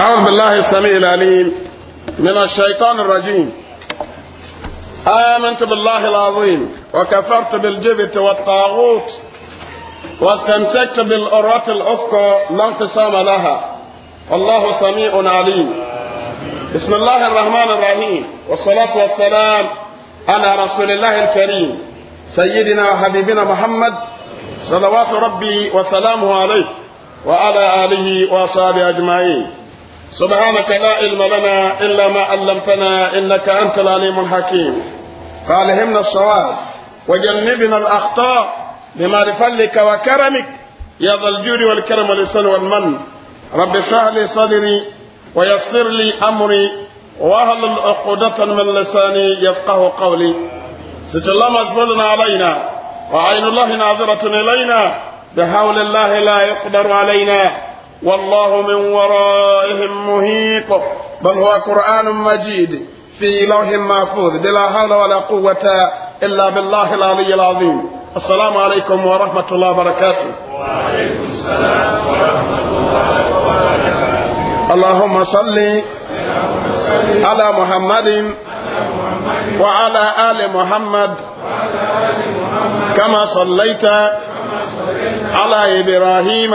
أعوذ بالله السميع العليم من الشيطان الرجيم آمنت بالله العظيم وكفرت بالجبت والطاغوت واستمسكت بالأروة الأفقى لا انفصام لها والله سميع عليم بسم الله الرحمن الرحيم والصلاة والسلام على رسول الله الكريم سيدنا وحبيبنا محمد صلوات ربي وسلامه عليه وعلى آله وصحبه أجمعين سبحانك لا علم لنا إلا ما علمتنا إنك أنت العليم الحكيم فألهمنا الصواب وجنبنا الأخطاء بما لفلك وكرمك يا ذا الجود والكرم والإحسان والمن رب اشرح لي صدري ويسر لي أمري واهل عقودة من لساني يفقه قولي ست الله مجبول علينا وعين الله ناظرة إلينا بحول الله لا يقدر علينا والله من ورائهم مهيط بل هو قرآن مجيد في لوح محفوظ بلا حول ولا قوة إلا بالله العلي العظيم السلام عليكم ورحمة الله وبركاته وعليكم السلام ورحمة الله وبركاته اللهم صل على محمد وعلى آل محمد كما صليت على إبراهيم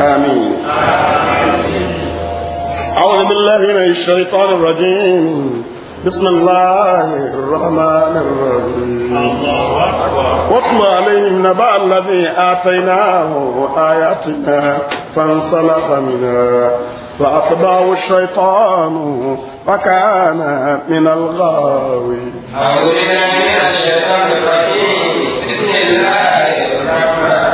آمين أعوذ بالله من الشيطان الرجيم بسم الله الرحمن الرحيم واتل عليهم نبأ الذي آتيناه آياتنا فانسلخ منها فأتبعه الشيطان فكان من الغاوي أعوذ بالله من الشيطان الرجيم بسم الله الرحمن الرحيم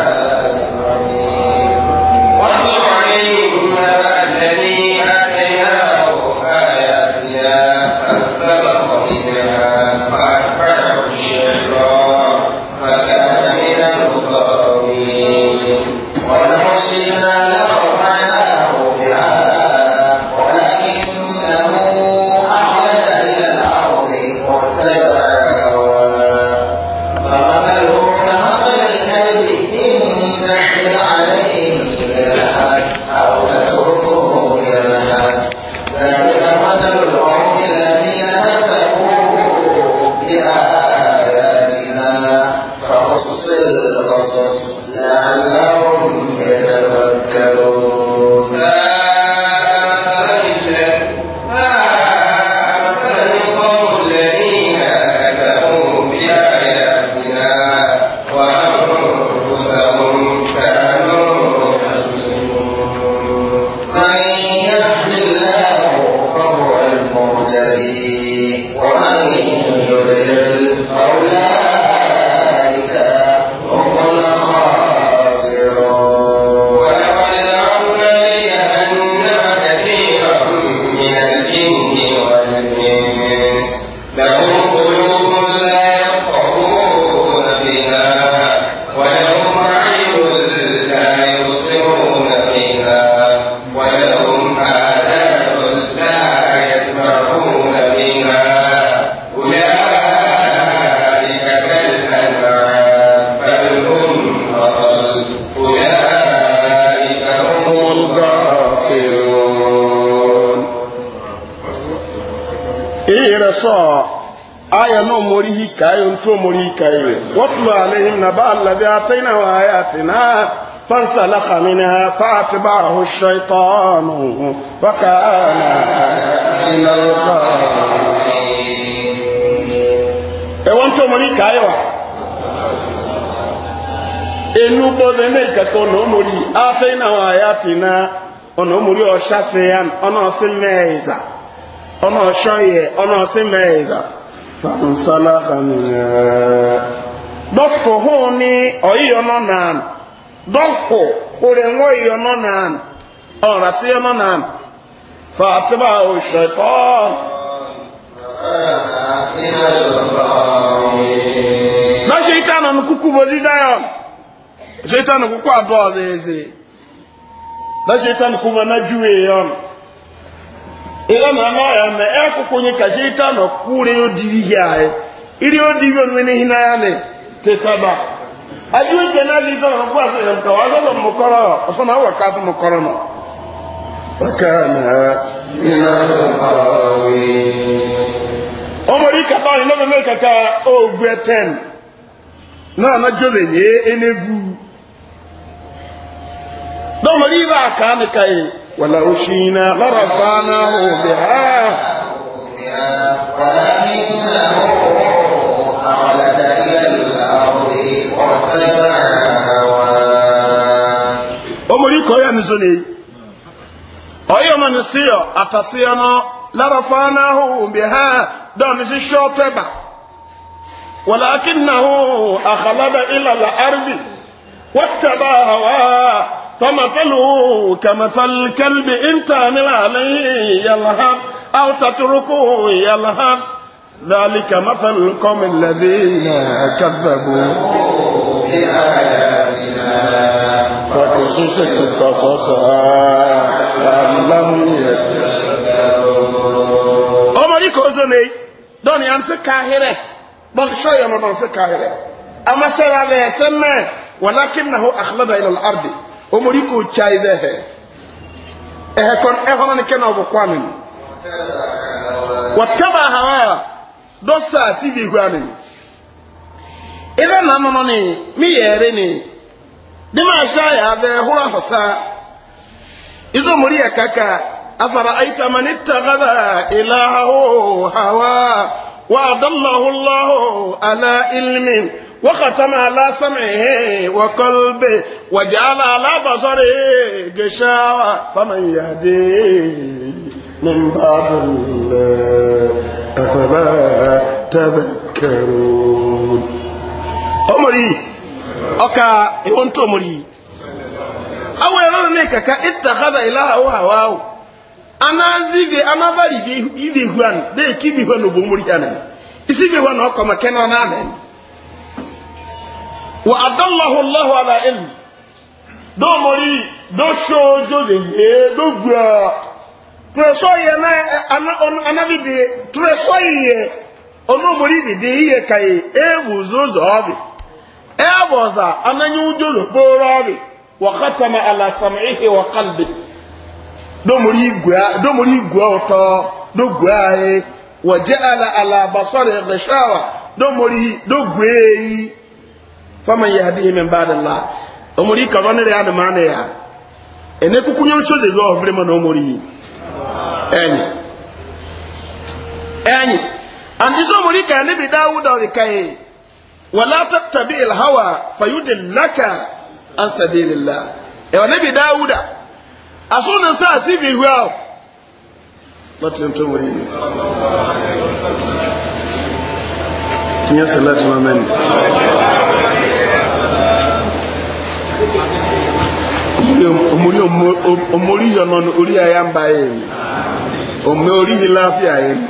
واتل عليهم نبأ الذي آتيناه آياتنا فانسلخ منها فاتبعه الشيطان فكان من الغاوين ẹwọ́ntọ́ mọ̀ ní káyọ̀wá inú bọ́dẹ̀ ní ìkẹ́kọ̀ọ́ ọ̀nà òmòrí áfẹ́yìn àwọn àyà tì ná ọ̀nà òmòrí ọ̀ṣà sí ya ọ̀nà ọ̀sìn mẹ́ẹ̀ẹ́zà ọ̀nà ọ̀ṣọ́ yẹ ọ̀nà ọ̀sìn mẹ́ẹ̀ẹ́zà fàǹsálà kàmìnà. dɔtɔ hɔn ni ɔyiyɔ nan dɔkɔ kórèŋɔ yiyɔ nan ɔrasi yɔ nan fatiba oṣetɔ. lọ́sẹ̀ ìta nà nù kúkú bó dídá yọ lọ́sẹ̀ ìta nù kúkú àdó ọ̀dọ̀ ẹ̀sẹ̀ mẹ kúkú di yẹ di hinayà ni. tetaba ayiwe gbẹna li dɔn ko a sɔrɔ nka wa sɔrɔ mu kɔrɔ o e, fana wa kaa sɔ mu kɔrɔ nɔ. fakana mina awi. ɔmɔdi ka ban ne bɛ mɛ ka taa o gbɛ tɛn naa na jo le nye enevu dɔmɔdi b'a kan ne ka ye. wala o si na lɔrɔ faana o bɛ ha. wala ni na o a fala omuliko ya nizoni oyo manisiyo atasiyono larafanahu biha domisi shoteba ولكنه أخلد إلى الأرض واتبع هواه فمثله كمثل الكلب إن تعمل عليه يلهب أو تتركه يلهب ذلك مثل القوم الذين كذبوا فقصصت قصصها لعلهم يتذكرون أمريك أزمي دوني أمس كاهرة بغشاية من أمس كاهرة أما سبب يسمى ولكنه أخلد إلى الأرض أمريك تشايزه إهكون إهران كان أبو قوانين واتبع هوايا دوسا سيدي قوانين إذا نعم ماني مي يريني دي ما شاي هذا هو حسا إذا مريا كاكا أفرأيت من اتخذ إلهه هوا وعد الله الله على علم وختم على سمعه وقلبه وجعل على بصره قشاوة فمن يهدي من بعد الله أفلا تذكرون omori oka ntu omori awo yaro ne kaka ittakhadha ilaha wa hawa anazive anavali ivi huan de kibi huan obo omori amen isibe huan okoma kenon amen wa adallahu allah ala ilm do omori do show jode ye do gwa tresɔ yɛ na ana ana bi de tresɔ yi yɛ ɔno omori bi de yi yɛ ka yi ewu zozo ɔbi. ɛbɔza ananyi wudoro boorɔri wakatama ala samihi wa kalbi domori gua domori gua ɔtɔ do gua ye wɔjɛ ala ala basɔri ɣeshawa domori do gua yi e. fama yahadihi min baada la omori kaba ne de ya dama ne ya ene kuku nyɛ nso de bi ɔfiri ma na omori ɛnyi ɛnyi and isomori kan ne bi daawuda ɔbi kan ye wala tattabi ilhawa fayudillaka an sabilillah ẹwà níbi dáwúdà asúnà sáà sí ibi ìhúà ọ látìlẹ̀ tó wọ̀nyí ni kìnyẹ́ sẹ́lẹ̀ tó máa mẹ́rin omori yọ̀nà orí ayá ń bá yẹn omi orí yìí láàfíà yẹn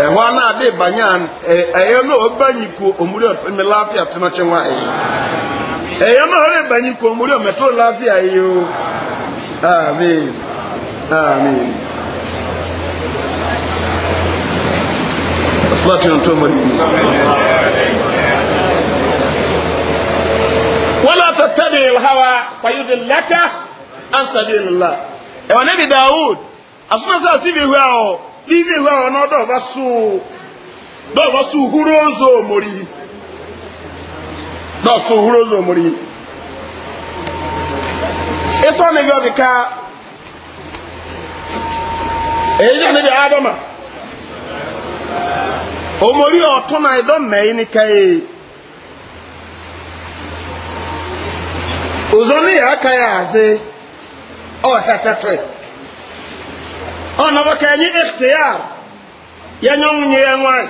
ɛhɔ ana ade banyan ɛyɛ no ɔbanyi ko omuri ɔfɛmi laafia tena kyɛn wa ɛyɛ ɛyɛ no ɔre banyi ko omuri ɔmɛto laafia ɛyɛ o amen amen. Asmatu nto mori. Wala tattabi al-hawa fayudillaka an sabilillah. Ewa nabi Dawud asuma sa sibi hwa o níbi ndị àwọn náà dọ̀bá sùn húró ọ̀zọ òmòrì dọ̀sùn húró ọ̀zọ òmòrì. Ìsọ níbi ọ̀bìkà èyí náà níbi àádọ́mà òmòrì ọ̀tún náà ẹ̀dọ́ mẹ́yìn Òzò ní ìyá aka àzé ọ̀ ọ̀nà ya ẹ̀yìn ẹ̀fìtìyà yẹnyọ́n nyẹ ẹ̀wọ̀n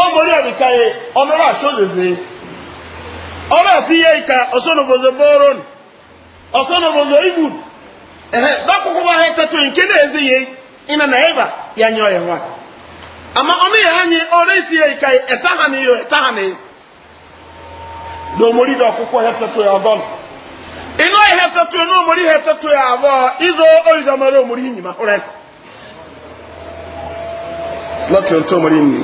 ọmọdé ọ̀dùkà yẹ ọmọdé àṣọ́lẹ̀fẹ́ ọ̀rọ̀ àti yẹ ìka ọ̀sọ́nàbọ̀zọ bọ́ọ̀rọ̀n ọ̀sọ́nàbọ̀zọ ibù ẹ̀hẹ́ dọ́kùkù bá na ịba nke náà ẹ̀zẹ̀ yẹ iná ya ẹ̀bà yẹnyọ́ ẹ̀wọ̀n àmà ya yẹ hàn yẹ ọ̀rọ̀ èsì na ìka ẹ̀tá hàn yẹ ẹ̀tá ya yẹ inú ihe tatu inú omori ihe tatu ya abọ izo oyizo mara omori nyima ụrẹ lọtụ ntụ omori nyi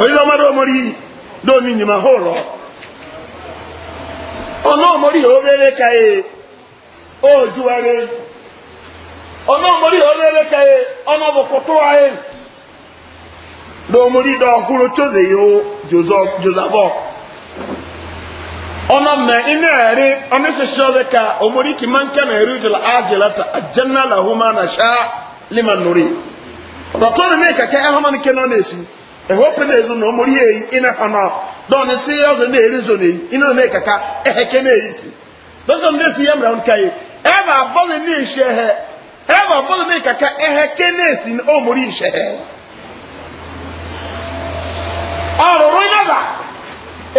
oyizo mara omori domi nyima hụrọ ọnụ omori ya obere ka ye ojuwere ọnụ omori ya obere ka ye ọnụ bụ kụtụ anyị na omori dọ hụrụ choze ya o jozabọ ọmọ mẹ iná ẹ̀rí ọmọ ṣiṣẹ́ ọdẹ ká ọmọdé kì máa ń kẹ́ mẹ́rin ìdìlá ágìlátà àjẹ́nà na máa na ṣá lima nùrí ọ̀dọ̀tọ́ ni na kẹ̀kẹ́ ẹ̀họ́ máa ń kẹ́ náà na ẹ̀họ́ ehi nèzú nà ọmọdé yẹ na iná hàn náà dọ́ọ̀ni sí ọ̀zọ̀ na èrí zọ nèyí iná na kẹ̀kẹ́ ebe na ebe na eheke na-esi na omori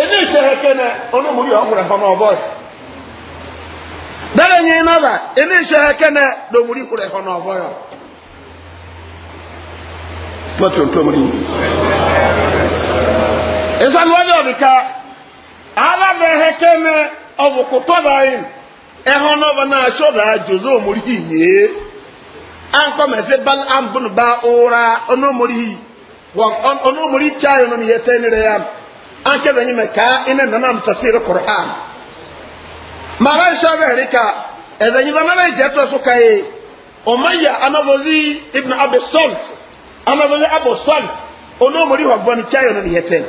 ebe ishehekene ọnụ mụrụ ya ha n'ọbọ dara nye naba ebe na omuri ha n'ọbọ ya lọ́tí òtò mú ní ìsànwọ́dẹ̀ ọ̀dìká alábẹ̀ẹ́kẹ́mẹ́ ọ̀bùkútọ́ báyìí ẹ̀họ́n náà bá náà ṣọ́dà jòzó òmùrí yìí à ń kọ́mẹ̀sẹ̀ bal ambun bá ọ̀ra ọ̀nà òmùrí yìí ọ̀nà òmùrí ya. an kɛlɛ ɲi mɛ kaa ina nana mu tafsiri qur'an mara isa bɛ yɛrɛ ka ɛdɛ ɲi nana ye jɛ so ka ye o ma ya anabozi ibn abi salt anabozi abu salt o n'o wa bɔnni cɛ yɛrɛ ni yɛtɛ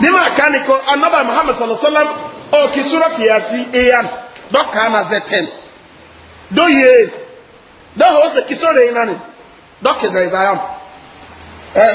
ni ma ko anaba muhammad sallallahu alaihi wa sallam o k'i sɔrɔ k'i yasi eyan dɔ kan na zɛ tɛn dɔ ye dɔ hɔ sɛ k'i sɔrɔ yen naani dɔ kisɛ zayam ɛ e,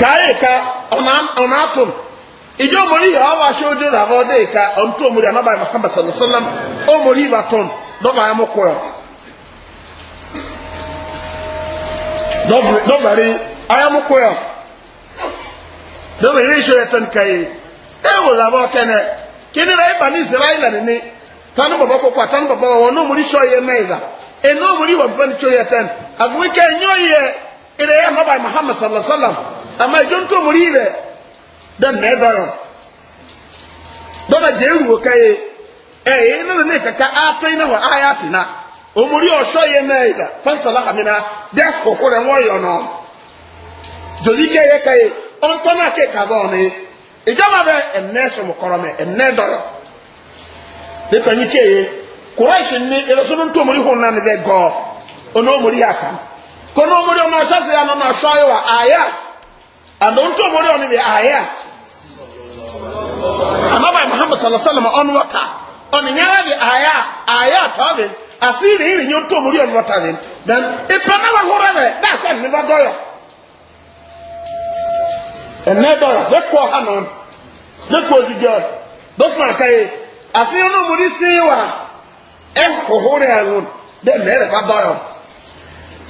Ka ọna atum ìjọ omori yà ka ọntú omori anaba muhammad sallallahu alaihi wa omori ibà tọn dọba ya mu ya dọba rí ayé mu kọyọ dọba rí iṣẹ yẹ tán kàyé ẹ wò rà bọ kẹnẹ kíni rẹ ibà ní israẹli nìní tani bàbá kókó àtani bàbá wọn ọ̀nà ya sọ yẹ mẹ́yìlá ẹ̀ omori wà bẹ́ẹ̀ ni tó yẹ tán àfikún kẹ́ ẹ̀ nyọ́ yẹ ama ìjọ ń tó mú rí rẹ̀ dẹ́n nẹ́ dọ́rọ̀ dọ́nà jẹ́ ìrù òkà yẹ ẹ̀ yẹ nínú ní kàkà átọ́ iná wà áyà tì ná òmùrí ọ̀ṣọ́ yẹ náà ìsà fánsálà àmìnà dẹ́ kòkó rẹ̀ wọ́n yọ̀ nà jòlí kẹ́ yẹ ká yẹ ọ̀ntọ́ náà kẹ́ kàbọ̀ ọ̀nà yẹ ìjọba bẹ ẹ̀nẹ́ sọmọ kọ́rọ̀ mẹ ẹ̀nẹ́ dọ́rọ̀ nípa ní ìrẹsọ́nù tó mú rí hùn and ohun tó mọ̀ rí ọ̀nà yẹ àyà anabai muhammad Salasalama ọ̀nà wọ́ta ọ̀nà nyara yẹ àyà àyà tọ́ọ̀dì àti ìrìn ìrìn yẹn tó mọ̀ rí ọ̀nà wọ́ta yẹn then ìpè náà wà wúrọ̀ rẹ̀ dáàsẹ̀ ní bá dọ́yọ̀ ẹ̀nẹ́ dọ́yọ̀ bẹ́ẹ̀ kọ́ ọ̀hán náà bẹ́ẹ̀ kọ́ òdìdí ọ̀ dọ́sùn àkàyè àti ìrìn ọ̀nà mọ̀ rí sí wa ẹ̀ kò hó rẹ̀ ẹ̀rùn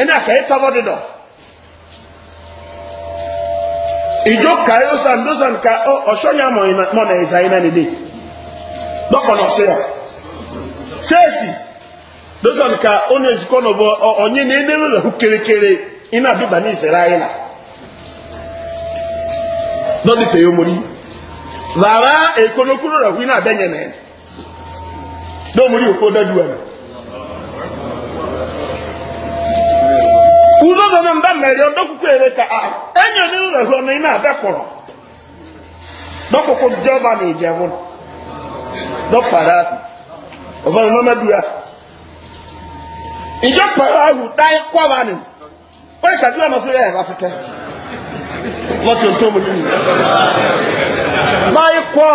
ɛna akayi e tɔbɔ de dɔ ìjọ kayi osan dosan ka ọ ọsọ nya mọ ina mọ na ẹza ina nìde dọkọ na ọsọ ya seesi dosan ka ọ na ezikọ na ọbọ ọnye na ene lọ hụ kerekere ina bi ba na ìsẹrẹ ayé la dọdị pe ya omori rara ekonokuru rẹ hụ ina abẹ nye na ya dọmori okwo dadu ya na. uzozo na mba mmeri ọ dọkụkọ ere ka a ah, enyo ni ụlọ hụ na ị na-abịa kpọrọ dọkụkọ jọba na ijebụ dọkpara ọbara n'ọma du ya ìjọ pẹ̀lú ahù dáì kọ́wàá nì ó ìkàdúrà náà sórí ẹ̀rọ afẹ́kẹ́ lọ́tí ohun tó mú nínú báyìí kọ́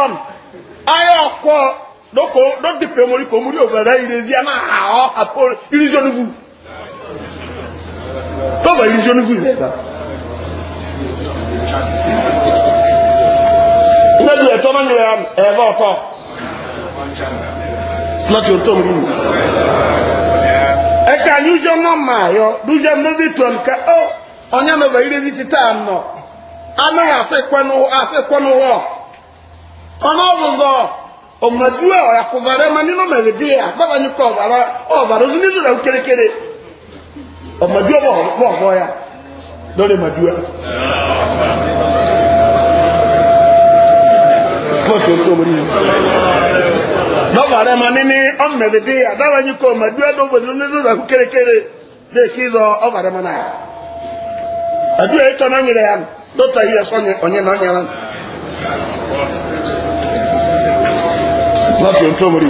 ayé ọkọ̀ lóko lódìpẹ̀ mórí kò mórí òbẹ̀rẹ̀ ìrèzí ẹ̀ máa hà ọ́ àpò ìrìnsọ́nùbù. Those are usually your Nínú ẹ̀tọ́ máa ń yẹ ẹ̀rọ ọ̀tọ̀. Láti ọ̀tọ̀ mi nù. Ẹ̀ka usual normal ayọ̀ dújẹ́ lóbi tó nǹkan ó ọ̀nyá mi bẹ̀rẹ̀ ibi títà nọ. Anáyà àfẹ́kọ́nu wọ̀. Ọ̀nà ọ̀bùnzọ̀ ọ̀mọ̀dúwẹ̀ ọ̀yàkùnbàrẹ́ máa nínú mẹ̀lẹ́díyà bábà ní kọ̀ ọ̀bàrà ọ̀bàrà ojú to rẹ̀ kérékéré ọmọdúwà wọ̀ ọ̀rọ̀ ya lórí mọ̀dúwà pọ̀tí o tó mọ̀rí lọ́wọ́ rẹ̀ ma níní ọmọdédé àdáwà yìí kọ mọ̀dúwà lọ́wọ́ nínú rẹ̀ kú kérékéré lè kí lọ ọwọ́ rẹ̀ ma náà àdúrà ètò náà nyere ya lọ́tọ̀ yìí ẹ̀sọ́ ọ̀nyẹ́ náà nyere lọ́tọ̀ o tó mọ̀rí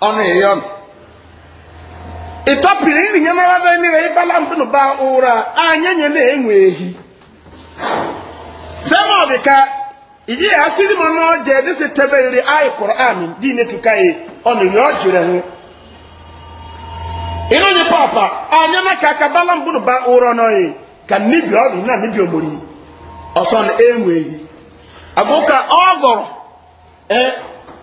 ɔno ya ɔno ìtɔpìrì ní nye wa bɛ ní bala mpinu ụra owura a nyɛnyɛ ní ɛyɛ ka iji asiri mu no gye ɛdi si tɛbɛ yiri ayi koro ami di ne tu ka yi ɔno yɛ ɔgyerɛ ho papa bala mpinu ụra owura ɔno ka na omori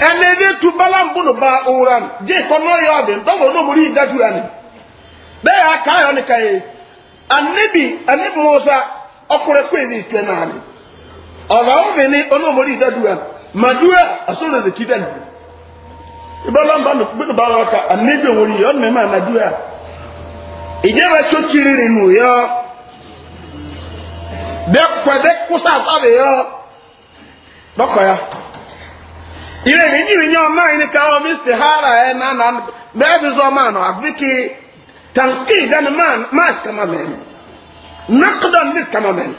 ɛnna ebi etu balam bolo ba owura no gye kɔ n'oyɛ ɔdi dɔwɔ n'omu ni idatu ya ni bɛyɛ aka ayɔ ne ka ye anibi anibi musa ɔkura kwe ni itwe naani ɔba ofe ni onomu ni idatu ya madua asoro ne ti dani balam ba bolo ba ɔka anibi wuli yɛ ɔnna ma madua ìjẹba tó kiri nínú yọ bẹ kọ bẹ kó sàásà ya. ire yìí yìí yàn máa ní káwọn mr hara ẹ nana bẹẹ fi sọ máa nọ àfi kí tànkì ìdáni máa sì kama mẹ́rin nàkúdọ̀n ní sì kama mẹ́rin.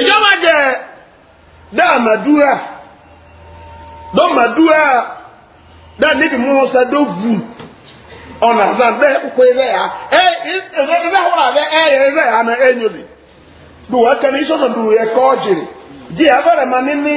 ìjọba jẹ dáa màdúrà dọ́ màdúrà dáa níbi mọ́wọ́sá dọ́ vù ọ̀nà àzàn bẹ́ẹ̀ kókó ẹ bẹ́ẹ̀ yà ẹ ẹ bẹ́ẹ̀ wọ́n àbẹ́ ẹ yẹ ẹ bẹ́ẹ̀ yà ẹ nyọ́bi. dùwọ́ kẹ́ni iṣẹ́ tó dùwọ́ yẹ kọ́ jìrì jì abẹ́rẹ́ ma ní ní.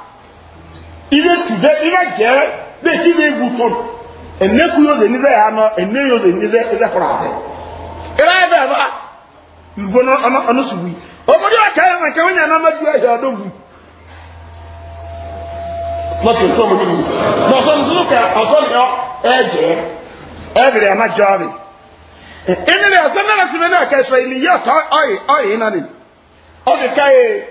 ile tude ile jere be ki be buton enne ku yo ni ze ama enne yo ni ze e ze kora ade ira be e ba lugono ana ana suwi o mo dia kai na kai nya na ma du ahia do vu ma so to mo ni ma so nsu e ka aso ni o eje ebere ama jawi ene le asana na simena ka israeli ya ta ai ai I, ni o de kai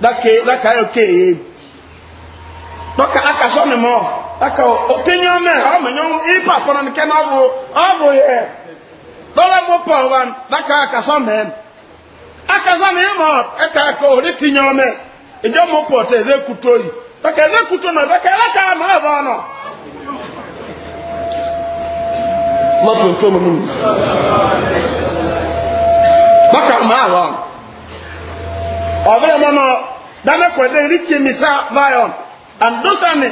dake daka yɛ kee dɔka aka sɔ ne mɔ daka o te nyɔ mɛ ɔmɛ nyɔ ipa kɔnɔ ne kɛ n'abo abo yɛ dɔla mo pɔ wa daka aka sɔ mɛ aka sɔ ne mɔ ɛka ko o de ti nyɔ mɛ ɛdɛ mo pɔ tɛ ɛdɛ kuto yi dɔka ɛdɛ kuto nɔ ɛdɛ ka mɔ ɛfɔ nɔ. mɔtò tó mu nù. dɔka mɔ ọbẹrẹ mọ náà dáná kọ ẹdẹ rìkì misa vion àndósàmì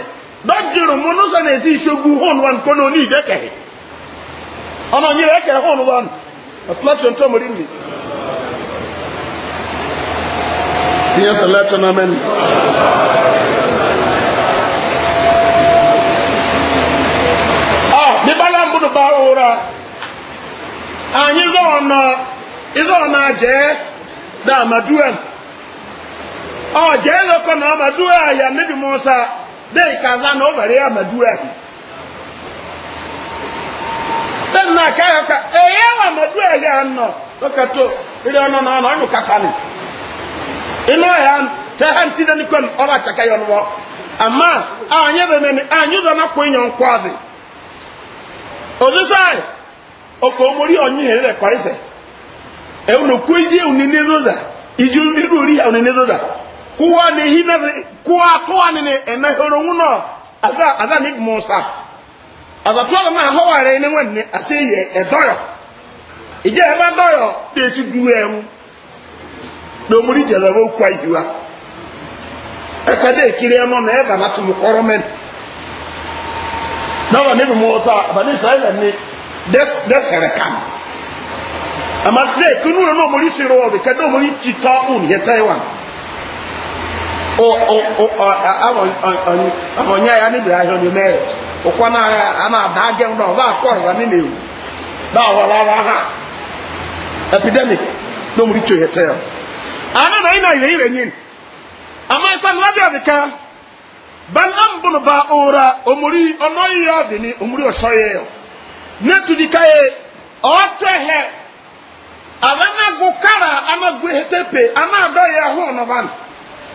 dọjìrò mọ nósàmì èsì ìṣogun hóun wọn kọ náà ní ìdẹkẹhẹ ọmọ yìí rẹ kẹrẹ hóun wọn ọsùlọsọ tó mọ rí mi. tiẹ sẹlẹtọ náà mẹni. ọ nípa náà gbọdọ bá ọwọra àyìn zọrọ náà ìzọrọ náà jẹ dàmàdúwẹ̀n. ọjẹ́ lọ́kọ̀ náà màdúrà àyà níbi mọ́sá dé ìkàzá náà bẹ̀rẹ̀ yà màdúrà yìí tẹ́lẹ̀ náà káyọ̀ ká èyí wà màdúrà yà nọ lọ́kà tó ilé ọ̀nà náà nọ ọ̀nù kàkà inú ẹ̀ yàn ya hàn tí dání kọ́ nù àmà àdì kuwa ne hinare kuwa towa ne ne ena horo nguno ada ada ni musa ada towa na ho ware ne wenne ase ye edoyo ije e ba doyo de si duwe hu e do muri jara wo kwa yiwa e de kire emo na e ba na sum koro men na wa ne musa ba ni sai ne des des rekan ama de kunu no muri siro wo be muri chita un ye taiwan ọ̀nyá ya níbi ahịa ọ̀nyá mẹ́rin ụkwa náà a na dá jẹun náà ọba àkọ́ ìwà nínú ewu náà ọ̀rọ̀ ha epidemic ló mú ìtò yẹ tẹ́ na àná náà iná ìrẹ̀ ìrẹ̀ yín àmọ́ ìsàn lábẹ́ àdìka bẹ́ẹ̀ náà ń bọ̀nù ya. dị ka e, ọ. na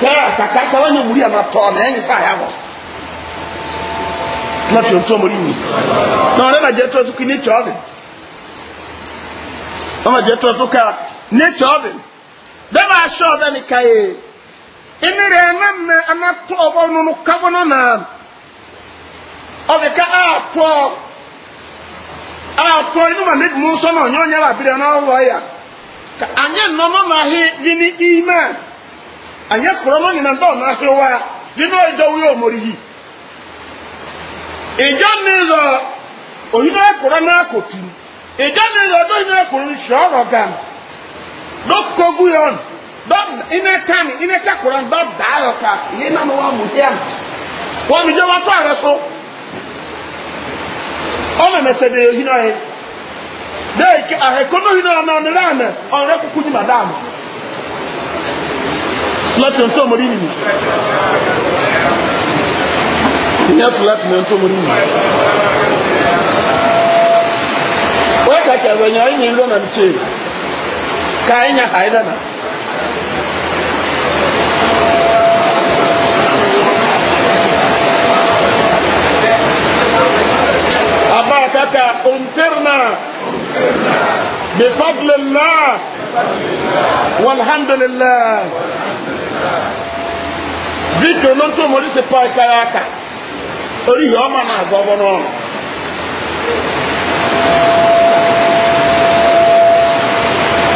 kara kakaka wanya muri na yenye saa na láti ọjọ́ mọ̀ nínú náà rẹ̀ máa jẹ́ tó sókè ní chọ́ọ̀bìn wọ́n máa jẹ́ tó sókè ní chọ́ọ̀bìn dẹ́gbà aṣọ ọ̀dẹ́ ní káyé inú na. ẹ̀nàmẹ́ anátọ́ ọ̀bọ̀ nínú kábọ́nà náà ọ̀dẹ̀ká àtọ́ àtọ́ inú màá níbi mú sọ́nà ọ̀nyọ́ nyẹ́rà àbílẹ̀ anyị kpọrọ nyina ndị ya dị na ụlọ omori yi ịjọ n'ịzọ oyin ekpọrọ n'akụtụ ịjọ n'ịzọ ọdọ oyin nsi ọrọ gam ya ọnụ ndọ daa ọka ihe mụwa wọn mi wọn ọ na so ọmọ mẹsẹ de oyin ọyẹ ahịa láti ọ̀tọ́ ọmọdé nìyí ìyá sí láti ọ̀tọ́ ọmọdé nìyí wọ́n kàkì àgbẹ̀yìn ayé ń lọ́nà ṣe ká ẹ̀yà àìdánà àbáàkàkà òǹtẹ́rìnà بفضل الله والحمد لله bíkì onótó mo lùsì pa ìkàrà àkà orí yìí ọmọ náà gbọ́ bọ́ náà.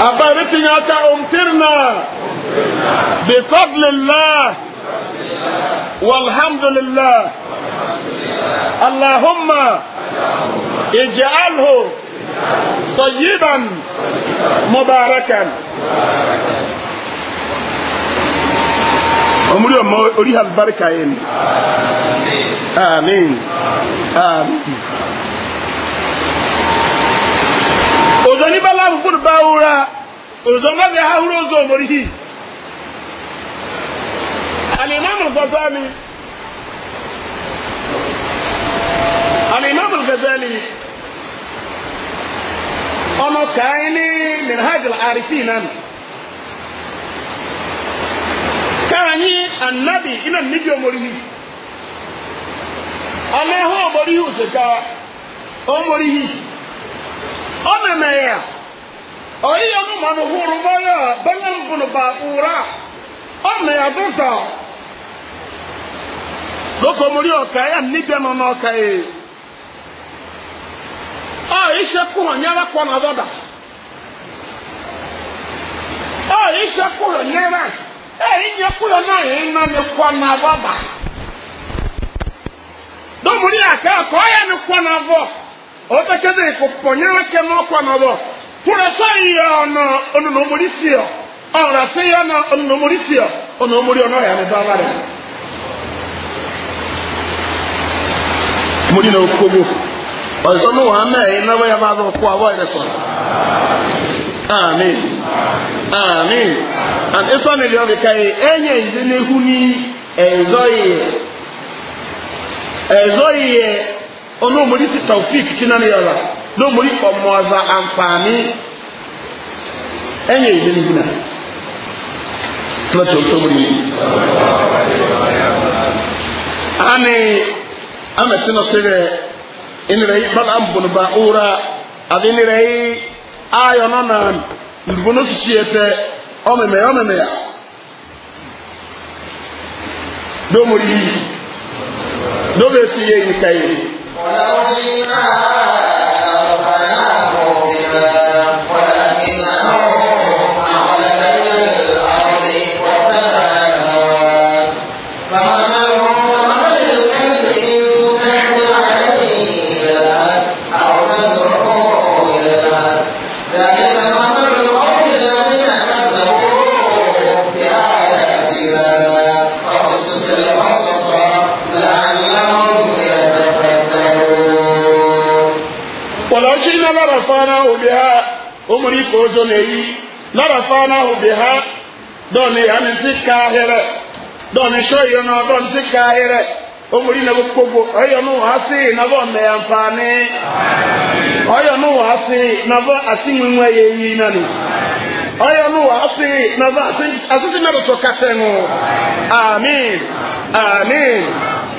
abẹ́rẹ́ ti yàn ká omtirna bifadlilá walhamdulilá allahumma ijaalhu sayiban mubarakan. omuli omo oliha albarika yenu amin amin ozo ni balamu kudu bawura ozo ngaze hahura ozo omolihi الإمام الغزالي الإمام الغزالي أنا كايني من هاج العارفين أنا karanyi anabi ina nidi omorihi ana ho omorihi useka uh, omorihi ona na ya oyi oh, onu manu huru baya bangan uh, bunu ba ura ona ya dota loko mori oka ya nidi no na oka e a ise ku nyara kwa na doda a ise ku nyara ẹ̀rí yẹ kúyọ náà yẹn ná mi kọ́ náà bọ́ bá dọ́mùrí àká kọ́ yẹ mi kọ́ náà bọ́ ọ̀ tẹ́ kẹ́ sẹ́yìn kò pọ̀ nyẹ́ kẹ́ náà kọ́ náà bọ́ kúrẹ́ sọ́yìn yẹ ọ̀nà onùnàmùrí sí ọ ọ̀rọ̀ sí yẹ ọ̀nà onùnàmùrí sí ọ onùnàmùrí ọ̀nà ọ̀yà mi bá wà rẹ̀. mo ní na okogbo ọ̀sán ní wàhánà ẹ̀yìn náà wọ́n yẹ máa lọ kó àwọ̀ ẹ̀rẹ̀ sọ̀rọ̀. amen amen and ịsọ mmiri ọbịa ka enye izi n'ekwu n'iyi ezọghị ezọghị ọnụ omori si taufik tinanị ọla n'omori ọmọọza amfani enye izi n'ekwu na tụlọtụ otu omori ani amesị nọ sịrị ịnịrị bala mbụ n'ụba ụra adị ịnịrị ayọ nọ oh, na ndùbọ no sisi ẹtẹ ọmẹmẹ ọmẹmẹ a dọmọ yi dọmọ esi yẹ yìí yìí. رفعناه بها أمري كوزوني لرفعناه بها دوني أمي سكاهرة دوني شوينا دوني سكاهرة أمري نبقبو أيو نو هسي نبو ميانفاني أيو نو هسي نبو أسي ممييناني أيو نو هسي نبو أسي نبو سكاتنو آمين آمين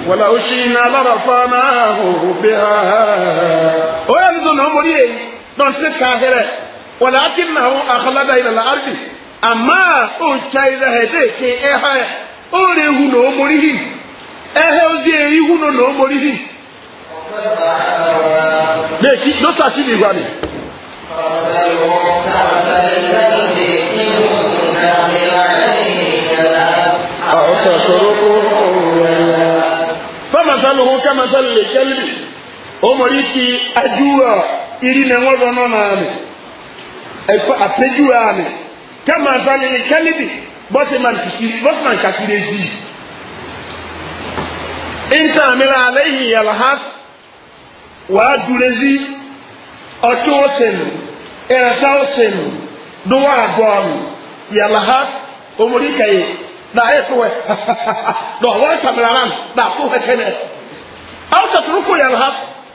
ولو شئنا لرفعناه بها وينزل أمري don se kahire walakinahu akhlada ila al-ardi amma o chaira hede ke eha o re hu no morihi ehe ozi eri hu no no morihi de ki do sa si bi wa ni فمثله كمثل الكلب أمريكي أجوع iri na wọn lọ nọ n'ami ẹkọ apẹjuwa kama nfani ni kẹlibi bọsiman kikiri bọsiman kakiri ezi ntaamila alehi yalaha wàá durezi ọtún ọsẹnu ẹrẹta ọsẹnu duwa abọọnu yalaha omorikaye na ẹtọwẹ na ọwọ ntamila nan na akọwẹ kẹnẹ awusaturuku yalaha.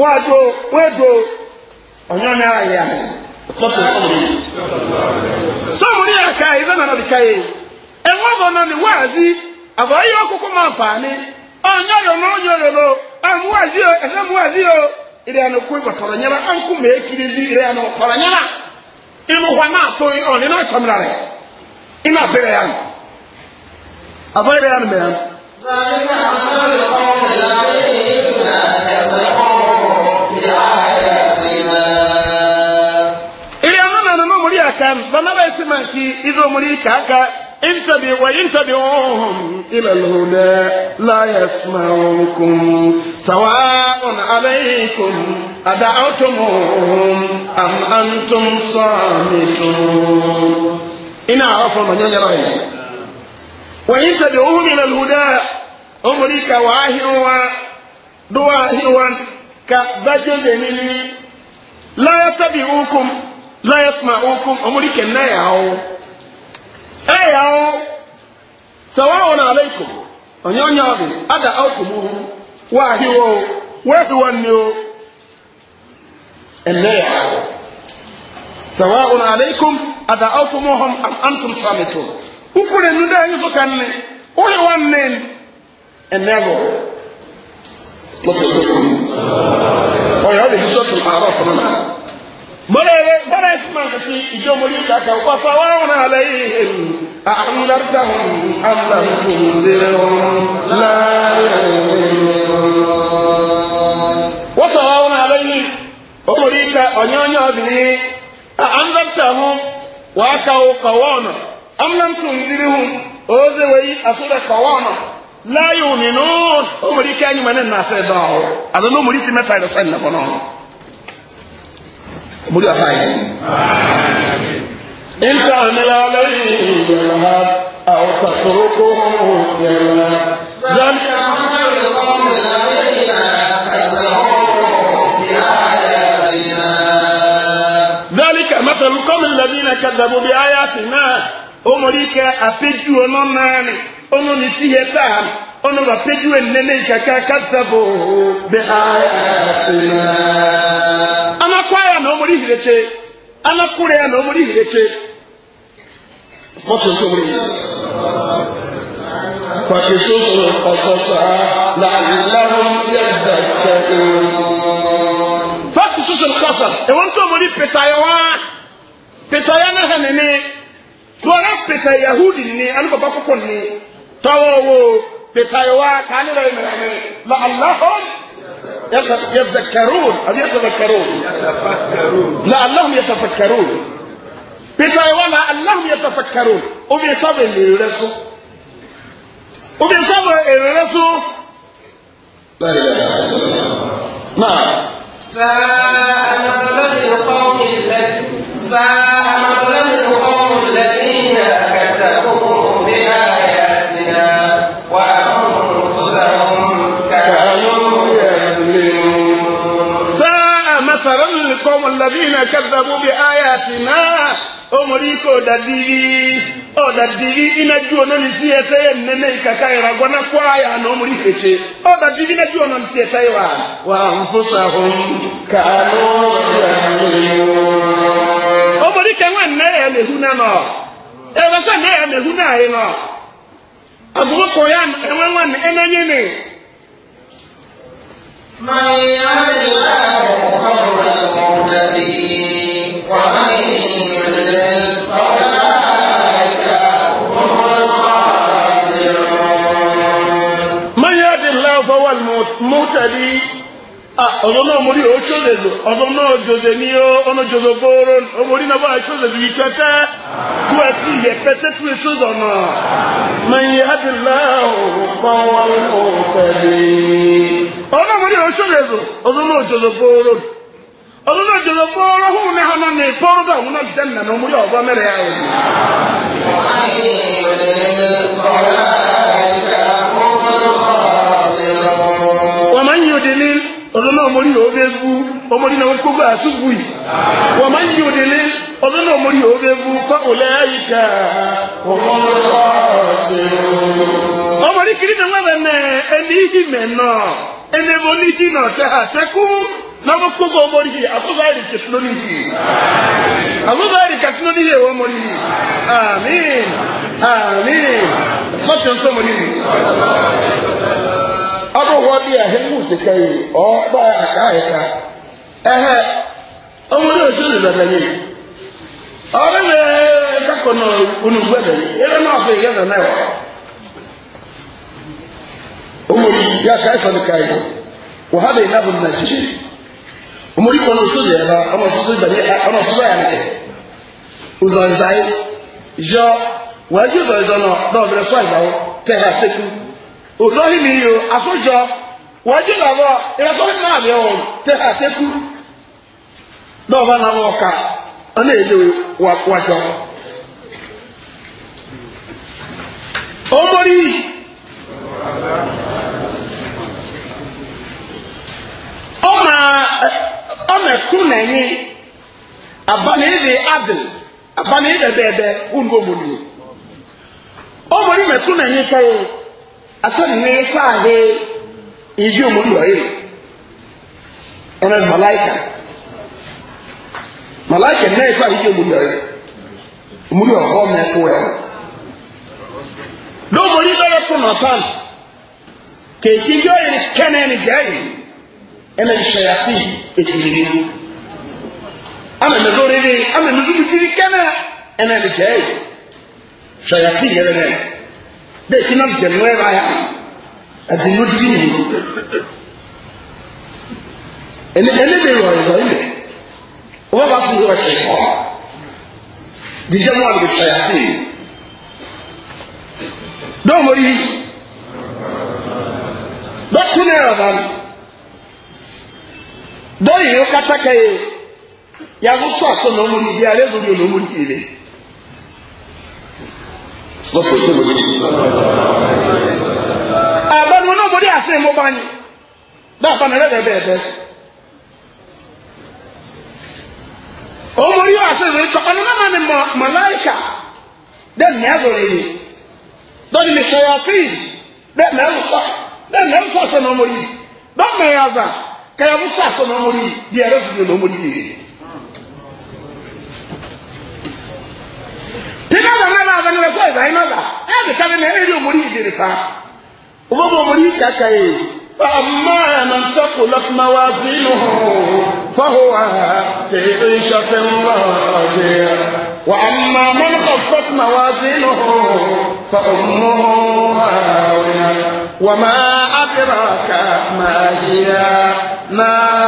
wáàdó wéèdó ọ̀nyọ́ náà yẹ àná sọ́tò sọ́mùrí. sọ́mùrí àká ìfẹ́ nàná bí káyé ẹ̀wọ́n bọ̀ náà ni wáàzí àbọ̀ ayé ọkọ̀kọ̀ máa fà á ní ọ̀nyọ́ yọ̀ náà yọ̀ lọ́lọ́ àmú wáàzí o ẹ̀fẹ́ mú wáàzí o ìrẹ́ àná kó ìbọ̀ tọ̀rọ̀ nyẹ́rà á ń kú mẹ́ kiri sí ìrẹ́ àná tọ̀rọ̀ nyẹ́rà inú wa náà tó ọ̀nì náà kọ́mìnà rẹ̀ iná bẹ̀rẹ̀ yà àbọ̀ ìrẹ́ àná mẹ́rin. كم فما بيس مانكي إذا مريكا كا انتبه وينتبهوهم إلى الهدى لا يسمعوكم سواء عليكم أدعوتموهم أم أنتم صامتون إن عرف من يرى وينتبهوهم إلى الهدى أمريكا واهروا دواهروا كبجل لا يتبعوكم la yasma'ukum omuri kenna na ayawo sawa'un alaykum onyonya obi ada awtumuhu wa hiwo wedu wanyo enaya sawa'un alaykum ada awtumuhum am antum samitun ukule nunda yuso kanne uhi wannen enego Lọ́pọ̀ ìjọba. Ọ̀yọ́ lè fi sọ́tún àárọ̀ fún bọ́lá ẹ̀sùn máa kàtí ìjọ mọ́lé kàkà pàpà wọ́n àlẹ́ ìhèrù àmúlárúdáhùn àmúlárúdáhùn lérò wọ́n wọ́n àlẹ́ yìí ọmọdé ka ọ̀nyọ́nyọ́ ọ̀bìnrin àmúlárúdáhùn wà á kàwọ́ kọ̀wọ́ọ̀nà àmúlárúdáhùn lérìhùn òzèwé yìí múlò àfà yìí. Ìta ni aláìní ìgbẹ̀lá àwọn tàkùrọ̀kọ̀ ọ̀hún ìgbẹ̀lá. Zọ́nì àwọn ono bapeju enene kaka kasabo be ayatina ana kwaya no muri hireke ana kure no muri hireke moto to muri fashishu qasasa la'allahum yadhakkarun fashishu qasas e won to muri petaya wa petaya na hanene dora petaya yahudi ni alko bakoko ni tawo wo بخيوات عن لعلهم يتذكرون أو يتذكرون لعلهم يتفكرون بخيوات لعلهم يتفكرون وبيصاب الرسول وبيصاب الرسول لا إله إلا الله نعم ساء مثل القوم الذين ساء مثل القوم الذين القوم الذين كذبوا بآياتنا أمريكو ددي أو ددي إن جونا نسي سين نني كايرا غنا كوايا نمريكي أو ددي إن جونا نسي سيوا وأنفسهم كانوا يظلمون أمريكا وين نيا لهنا نو إيه بس نيا لهنا هنا أبوكو يان وين وين إنني من يهد الله فهو المهتدي ومن يضلل فاولئك هم الخاسرون يهد الله فهو المهتدي Ah, ọ̀dọ̀ náà o ṣòlèzò ọ̀dọ̀ náà jòzè ní ọ̀nà jòzò gbòòrò omori náà wà ṣòlèzò yìí tẹ́tẹ́ kú ẹ sí ìyẹ pẹ́tẹ́ tún èso zọ̀nà mẹ́yìn adìlá òkàn wọn ò tẹ̀lé. ọ̀dọ̀ náà mo rí o ṣòlèzò ọ̀dọ̀ náà jòzò gbòòrò ọ̀dọ̀ náà jòzò gbòòrò hùn ní hànà ní gbòòrò bá hùn náà dẹ́n nà ọmọ yà ọba mẹ́rẹ̀ yà wọ̀ ومن ọdún náà mo rí yòó fẹ́ fú ọmọ nínú àwọn kókó àtúgbù yìí wọ́n máa ń yí òdèlé ọdún náà mo rí yòó fẹ́ fú fáwọlẹ́ àyíká ọmọ ọ̀sẹ̀ ọmọ ní kiri náà wẹ́rẹ́ nẹ ẹni ìdí mẹ́nà ẹni mo ní jí náà tẹ àtẹkù náà kókó ọmọ rí yìí àfúgbà èrè kẹtù lónìí yìí àfúgbà èrè kẹtù lónìí yìí ọmọ rí yìí àmín àmín fọ́ọ̀tì ọ̀sọ́ ọmọ rí yìí. abụghọ dị ahịa mmụsika aka ka ehe onwere osiri bebere ọrụ na kakọ e, na onugbu ebere ebe na ọfọ ihe na naịwa ụmụrụ ya ka ịsọ dị ka yi wọha dị na na chi ụmụrụ ikọ na osiri ebe banye ya nke ụzọ jọ wee ụzọ ịzọ nọ sọ ịgbawo tehe òdòhìn mi yìí o asójọ wọ́n jí lọ́wọ́ ìrẹsọ́hìn náà mi ọ̀hún tẹ́ àtẹ́kù dọ́ọ̀bá náà wọ́n ká ọ̀nà èdè wájọ. ọmọrí ọmọ ọmọ ẹtù n'enyi abaneede adìl abaneede asọ́nìyẹ sáàdé ìyí òmùrí ọ̀yẹ́ ẹ̀rọ màláìkà màláìkà náà sáàdé ìyí òmùrí ọ̀yẹ́ òmùrí ọ̀họ́ mẹ́tọ́ ẹ̀ lóòmùrí lọ́rọ̀ fún nàfàn kèkí yọ ìrìn kẹ́nẹ́ ní gẹ́yìn ẹ̀rọ ìṣẹ̀yàfì ètùrìrì amẹ̀mẹ̀ lórí ni amẹ̀mẹ̀ lórí kẹ́nẹ́ ẹ̀rọ ìṣẹ̀yàfì yẹrẹ náà bẹ́ẹ̀ kí náà jẹ̀ lọ́wọ́ ẹ̀rọ ayá ẹ̀dùn ló dín ní. ẹni ẹni lè rọ ìrọ ilẹ̀ wọ́n bá fún ìrọ̀ ṣe kọ́ díjẹ́ mọ́ àgbè tàyà sí i. dọ́wọ́ rí dọ́tún ní ẹ̀rọ bá mi dọ́yìn ó kátákẹ́ yẹ yàgò sọ àsọ̀nà ọmọ nìyí alẹ́ lórí ọ̀nà ọmọ nìyí lẹ́yìn lọ́pọ̀ tó lòdì. àbẹ̀nu náà mo dé àṣẹ mo bá yín bẹ́ẹ̀ fani rẹ̀ bẹ́ẹ̀ bẹ́ẹ̀. òun mo rí àṣẹ rẹ̀ tọ́ ọ̀nà náà ni mọ̀láìkà dẹ́ mẹ́rù rẹ̀ yìí lọ́ni mi sọ yàtí dẹ́ mẹ́rù sọ dẹ́ mẹ́rù sọ sọ náà mo rí dọ́ mẹ́rù àzà kẹ́yà mo sọ àṣọ náà mo bí ẹ̀rọ fún mi náà yìí. tẹ́lẹ̀ àwọn náà náà bẹ́ẹ̀ sọ ìdáyé náà dà ẹ̀ ẹ̀ kálí náà ẹ̀rí òmùrí yìí dèrè pa òbá bọ̀ òmùrí yìí kàkà yìí fa ọmọ ẹ̀nà tọ́kù lọ́kùnmá wá sí inú fọ́hùn fi ìṣọ̀fẹ́ ńlá ọ̀dẹ́ wà ọmọ mọ́nìkọ̀ fọ́kùnmá wá sí inú fọ́hùn wáwẹ́ wà má ábẹ́rẹ́ ọ̀kà máa yíya náà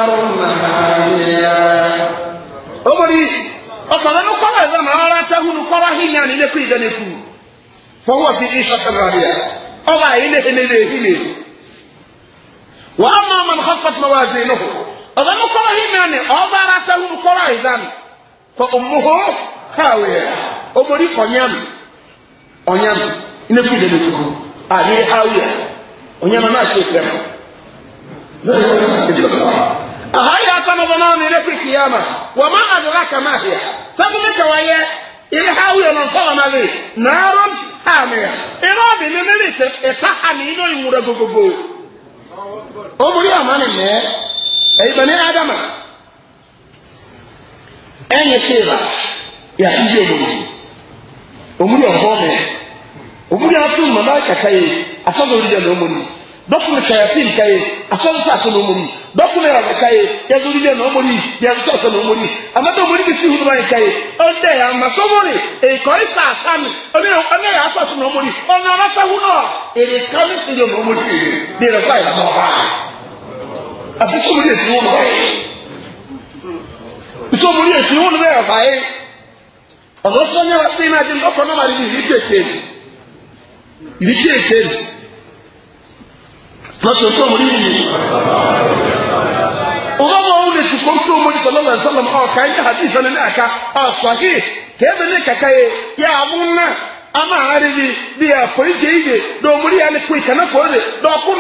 ọ̀sọ̀rọ̀ ní kọ́lá ẹ̀zá màá rárá sẹ́hùn ní kọ́lá hì náà nílé kú ìdẹ́ni kú fọwọ́ fi iṣẹ́ kẹrẹ́rẹ́ yà ọba yìí lè hẹ́lẹ́ lè hílẹ̀ wà á máa mọ̀n hafat ma wá sí inú ọ̀sọ̀rọ̀ ní kọ́lá hì náà ahaya atama zana na ile kiyama wa ma adraka ma hiya sabu meka waye ile hawi ona mfawa mali naron hamia irabi ni nilite etaha ni ino yungura gogogo omuri amani me ey bani adama enye seva ya hiyo omuri omuri omuri omuri omuri omuri dɔkun kɛyɛfin ka ye asɔnsa sɔnna omori dɔkun yɛrɛ ka ye yɛzuli yɛ n'omori yɛzuli sɔnna omori amadu omori bi si huduba yi e e ka ye ɔnde yɛ amasɔmori ekɔli sa sami ɔne yɛ ɔne yɛ asɔ sɔnna omori ɔne yɛ ɔlɔsɛ hunɔ ere kami si yɛ n'omori de yɛrɛ sa yɛrɛ n'ɔba abisomori esi hunɔ ye bisomori esi hunɔ yɛrɛ fa ye ɔlɔsɛ nyɛ wa ti na di nkɔkɔ n'omari bi yi tse tse yi tse tse. lọ́sọ̀tọ̀ mọ̀ nínú yìí ọba mọ̀ ọ́n lè ṣùkọ́ tó mọ̀ ní sọlọ́lọ́ ẹ̀sọ́lọ́ ọ̀ka ẹ̀yẹ àti ìfẹ́lẹ́ ya àká ọ̀sọ̀hí kẹ́ẹ̀bẹ̀ ní kàkà yẹ ya á mú náà ama aribi bi akɔ ije ije dɔw mori yali ko ikana kɔ de dɔw ko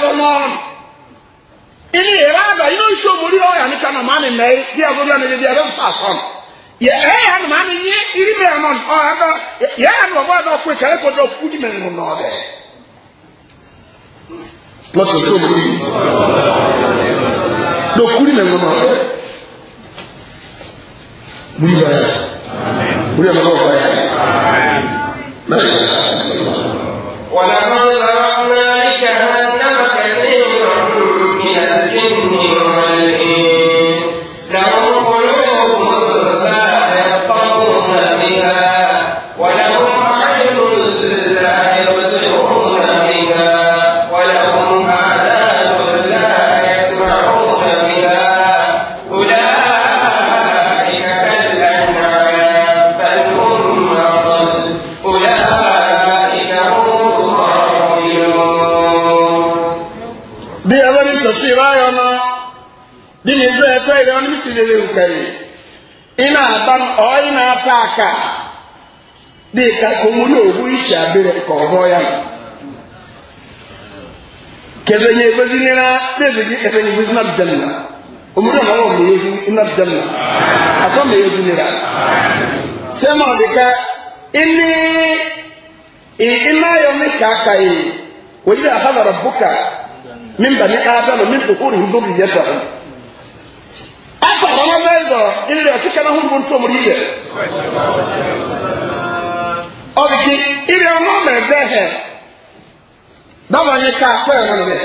k'a ka ili iraba ino isho muri o ya nika na mani mei dia buri ya nige dia resta son ye e ya na mani ye ili me anon o ya na ye ya na wa na ku kare ko do kuji me no no de lo so so muri do kuri me no no de muri ya amen muri ya no ba ya amen ولقد ذرأنا لجهنم Senhor. ẹ̀fẹ́ ìrẹ́ wọn ní ti lè nǹkan yìí iná àbá ọ̀ iná apá àká bí ìka kò mú ní òwú ìṣe abẹ́rẹ́ kọ̀ ọ̀họ́ ya nù. kẹfẹ́ yẹn ìgbésí nira bẹ́ẹ̀ ni ẹ̀fẹ́ yẹn ìgbésí náà bìjẹ́ nìyà òmùdó náà wọ̀ mí yéhu iná bìjẹ́ nìyà àtọ́ mi yéhu nira. sẹ́mọ̀ nìkan iní iná yọ mí kàákà yìí wòye àhàbàrà bùkà mímbà ní ádámù mí sọ̀rọ̀ náà mẹ́jọ ilé ọ̀kíkẹ́ náà hùwù tó mú yíyẹ. ọ̀dùkì ilé ọnụ mẹ́bẹ́ hẹ̀ dábàá yẹn ká pẹ́ ẹ̀rọ rẹ̀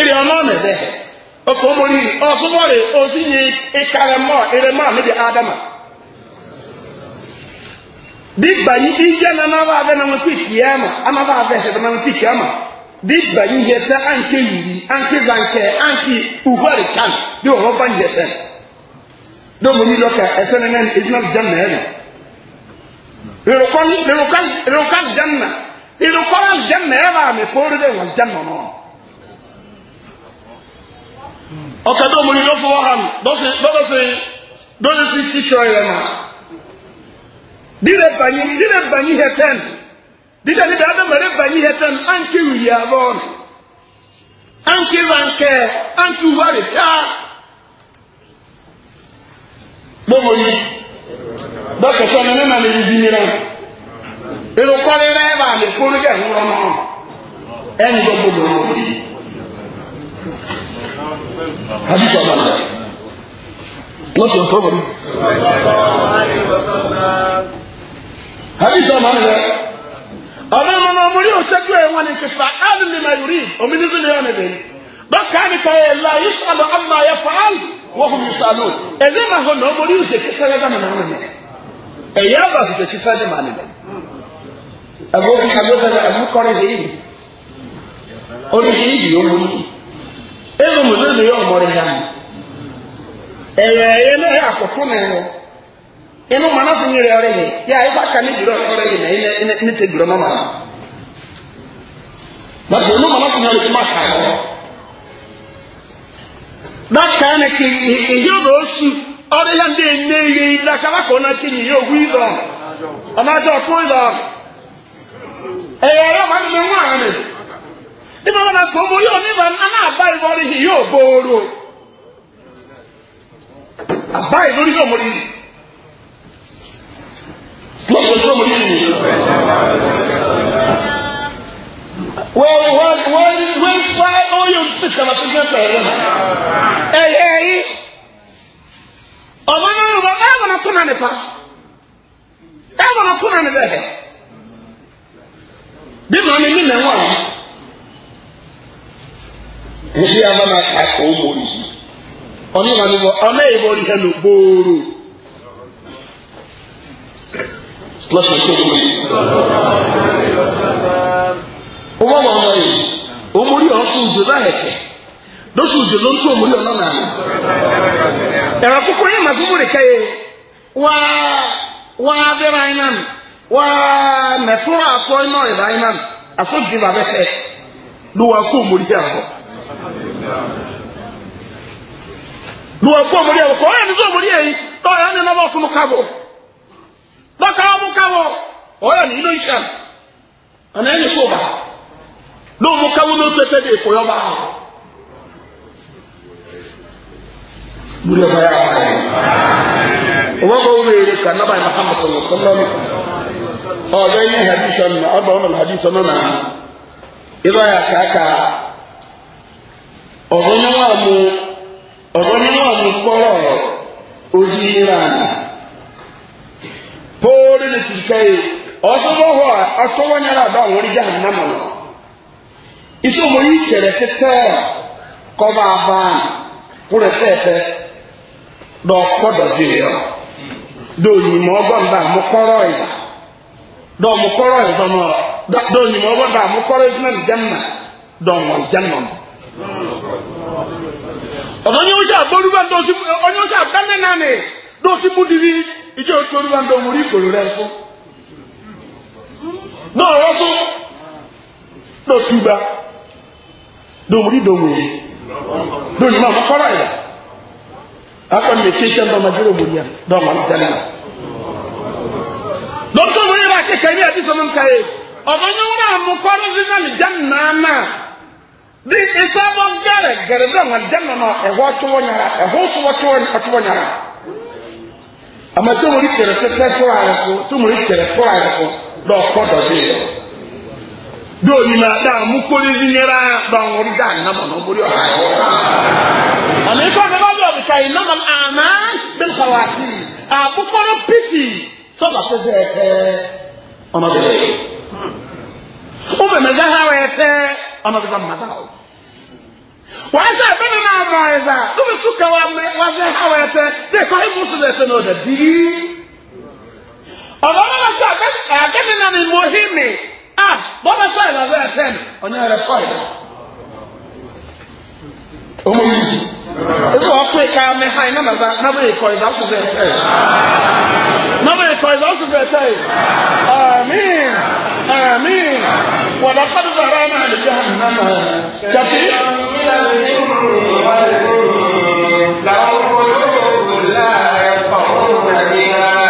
ilé ọmọ mẹ́bẹ́ hẹ̀ ọkọ̀ ọmọ yìí ihe òsì yìí ìkàrẹ̀ mọ́ ilé mọ́ àmì di ádámà. dìgbà yìí this by you yẹsẹ anke yiri anke zankẹ anke uhuari chan de ọrọ ban yẹsẹ de ọmọ mi lọkẹ ẹsẹ nínú ìdúná jẹnna ẹ nà lèrúkọ lèrúkọ lèrúkọ jẹnna lèrúkọ jẹnna ẹ bá mi kórè dé wọn jẹnna nọ. ọkẹ de ọmọ mi lọ fọwọ hàn dọsí dọsí dọsí sí tíṣọ yẹn nà dídẹ bàyí dídẹ bàyí yẹ tẹ́nu dita ni daa dama refa yi hɛ tan anke wiyaabɔn anke bankɛ anke wari taa gbogbo yi dɔkɛ sɔmi ne ma ne yi zinyira inu kɔli rɛ ba ne kpolu kɛ ŋurɔ nɔ ɛni bɛ gbogbo ŋɔ di hafi sɔba la lɔsi o tɔgɔ mi hafi sɔba la. ọ̀bẹ mọ̀mọ́ omori òṣèlú ẹ̀ wọn ni fífa áàlù ni wọn ni bẹ̀rẹ̀ dọ́kà ni ya la yìí sọ̀lọ̀ àmà yẹ fàál wọ́n kò mú sàlọ̀ ẹ̀dẹ́ mà hàn omori òṣè kíkẹ́rẹ́ dàmà ya wọn ni ẹ̀yẹ inú mọ̀nà sí nyere ọrẹ a yà á ibà kàní jùlọ ọrẹ yìí náà ilẹ̀ ní tẹ jùlọ mọ́mọ́ bàtà inú N'aka nyere ọrẹ yìí má kà ọ́ dàkà ni kì í ìyí ọ̀rọ̀ oṣù ọrẹ yà ndé ẹ̀yẹ ẹ̀yẹ lọ́pọ̀ tó mú sí ni wọ́n fa oyún sí kàmá tó gbé pẹ̀lú ẹ̀yẹ ẹ̀yí ọ̀bọ̀n náà rọ̀ ẹ̀wọ̀n tó nà nípa man tó nà nípa ẹ̀ bí màá mi ní mẹ́wàá yìí nfi ama na aka ọmọ yìí ọmọ yìí bọ̀ ọmọ yìí bọ̀ ọ̀rìhẹ́ ló gbòòrò. lọ́sẹ̀ tó kú. ó wọ́n wọ́n wọ́n yìí omori ọ̀ sùn jò náà hẹ̀kẹ́ lọ́sùn jò ló ń tún omori ọ̀nà náà. ẹ̀rọ kúkú yẹn màá fún rìkẹ́ yìí wá wá abẹ́rẹ́ ayé náà wá mẹ́tọ́rọ̀ àtọ́ iná ìlà ayé náà àfọ́jì bàbá fẹ́ ló wá kó omori àbọ̀ ló wá kó omori àbọ̀ kọ́ ẹ̀ ní sọ omori yẹn yìí tọ́ ẹ̀ ẹ́ ní lọ́ka ọmú káwọ́ ọ̀yà ní inú iṣẹ́ àná ẹ̀yìn fún ọba ló mú káwọ́ ló tẹ́tẹ́ dé ìkọ̀yọ́ bá wà. Múlẹ̀ bá yà wá yẹn. Ọba bá wọ́n wéere kà nábà yẹn Mahamad sọ̀rọ̀ sọ́lá mi. Ọ̀bẹ yẹn hadisa nù ọ̀bẹ wọn hadisa nù nà. poori ne sisikai ɔsoso hɔ a atɔwɔ a wɔde gya hanama no iso wɔn yi kyerɛ tetɛɛ kɔba abaa koro tɛɛtɛ dɔɔkɔ dɔdwe yɛ dɔɔ nyimɔ ɔgbɔn ba mokɔrɔ naanị. dóòsì múdìrí ìjọ tó olúwa ń dọ̀mù rí ìkòrò rẹ fún náà rọ́gbó ló túba dọ̀mù rí dọ̀mù rí dọ̀mù máa mọ́ kọ́rọ̀ ìyá akọni lè tẹ́tẹ́ ń bọ́ máa dúró múlíà dọ̀mù àmì jẹ́ náà lọ́tọ́ wọ́n yẹra kékeré ní àti sọ́mọ́ nǹkan yìí ọ̀bọ̀n yẹn wọ́n àmú kọ́rọ́ sínú àlìjá nàánà bí ìsábọ̀ gẹ̀rẹ̀ gẹ̀rẹ̀ dọ̀mù àlìjá nàánà ẹ̀họ́ tó wọ́n yàrá ẹ̀họ́ sọ́wọ́ tó wọ́n yàrá àmọ́ sọmọlì tẹ̀rẹ̀ pẹ́pẹ́ tọ́ra rẹ̀ fún sọmọlì tẹ̀rẹ̀ tọ́ra rẹ̀ fún lọ́ọ̀ kọ́dọ̀ bí yẹn dóò yìí máa dáa mú kórè sí nyẹ́rà dọ̀n orí dáa nínú àmọ́ náà mórí ọ̀hà yẹn. àmì kọ́ ọ̀nà bá yọ̀ bìkà yìí nọ́mà àmà bẹ́ẹ̀ kọ́ wá sí i àkókòrò pìtì sọ́dọ̀ fẹ́fẹ́ ẹ̀fẹ́ ọmọdé. ó bẹ̀rẹ̀ mẹ́gà hà wẹ̀ ẹ̀fẹ́ ọmọdé fẹ́ mọ́tà ọ̀ wàásù àbẹ́ni náà mọ̀ ẹ̀dá lóbi súnkẹ́ wa mi wáṣẹ́ àwọn ẹ̀tẹ́ dé kọ́ ẹ̀fọ́ sọ̀rọ̀ ẹ̀tẹ́ náà dẹ̀ bí. ọ̀rọ̀ náà sọ àbẹ́ni náà ni mo hí mi à bọ́lá sọ ìlànà ẹ̀tẹ́ mi ọ̀nyẹ́ rẹ̀ fọ́ ẹ̀. ọmọ yìí ebi wọ́n tún ìka mi ha iná nàbà nàbà ìkọ̀ ìdá sọ̀rọ̀ ẹ̀tẹ́ yìí nàbà ìkọ̀ ìdá sọ̀rọ̀ ẹ̀tẹ́ yìí àmì àmì wọ̀dọ̀k ذرانا لجهنم كثيرا من الجن والإنس لهم قلوب لا يفقهون بها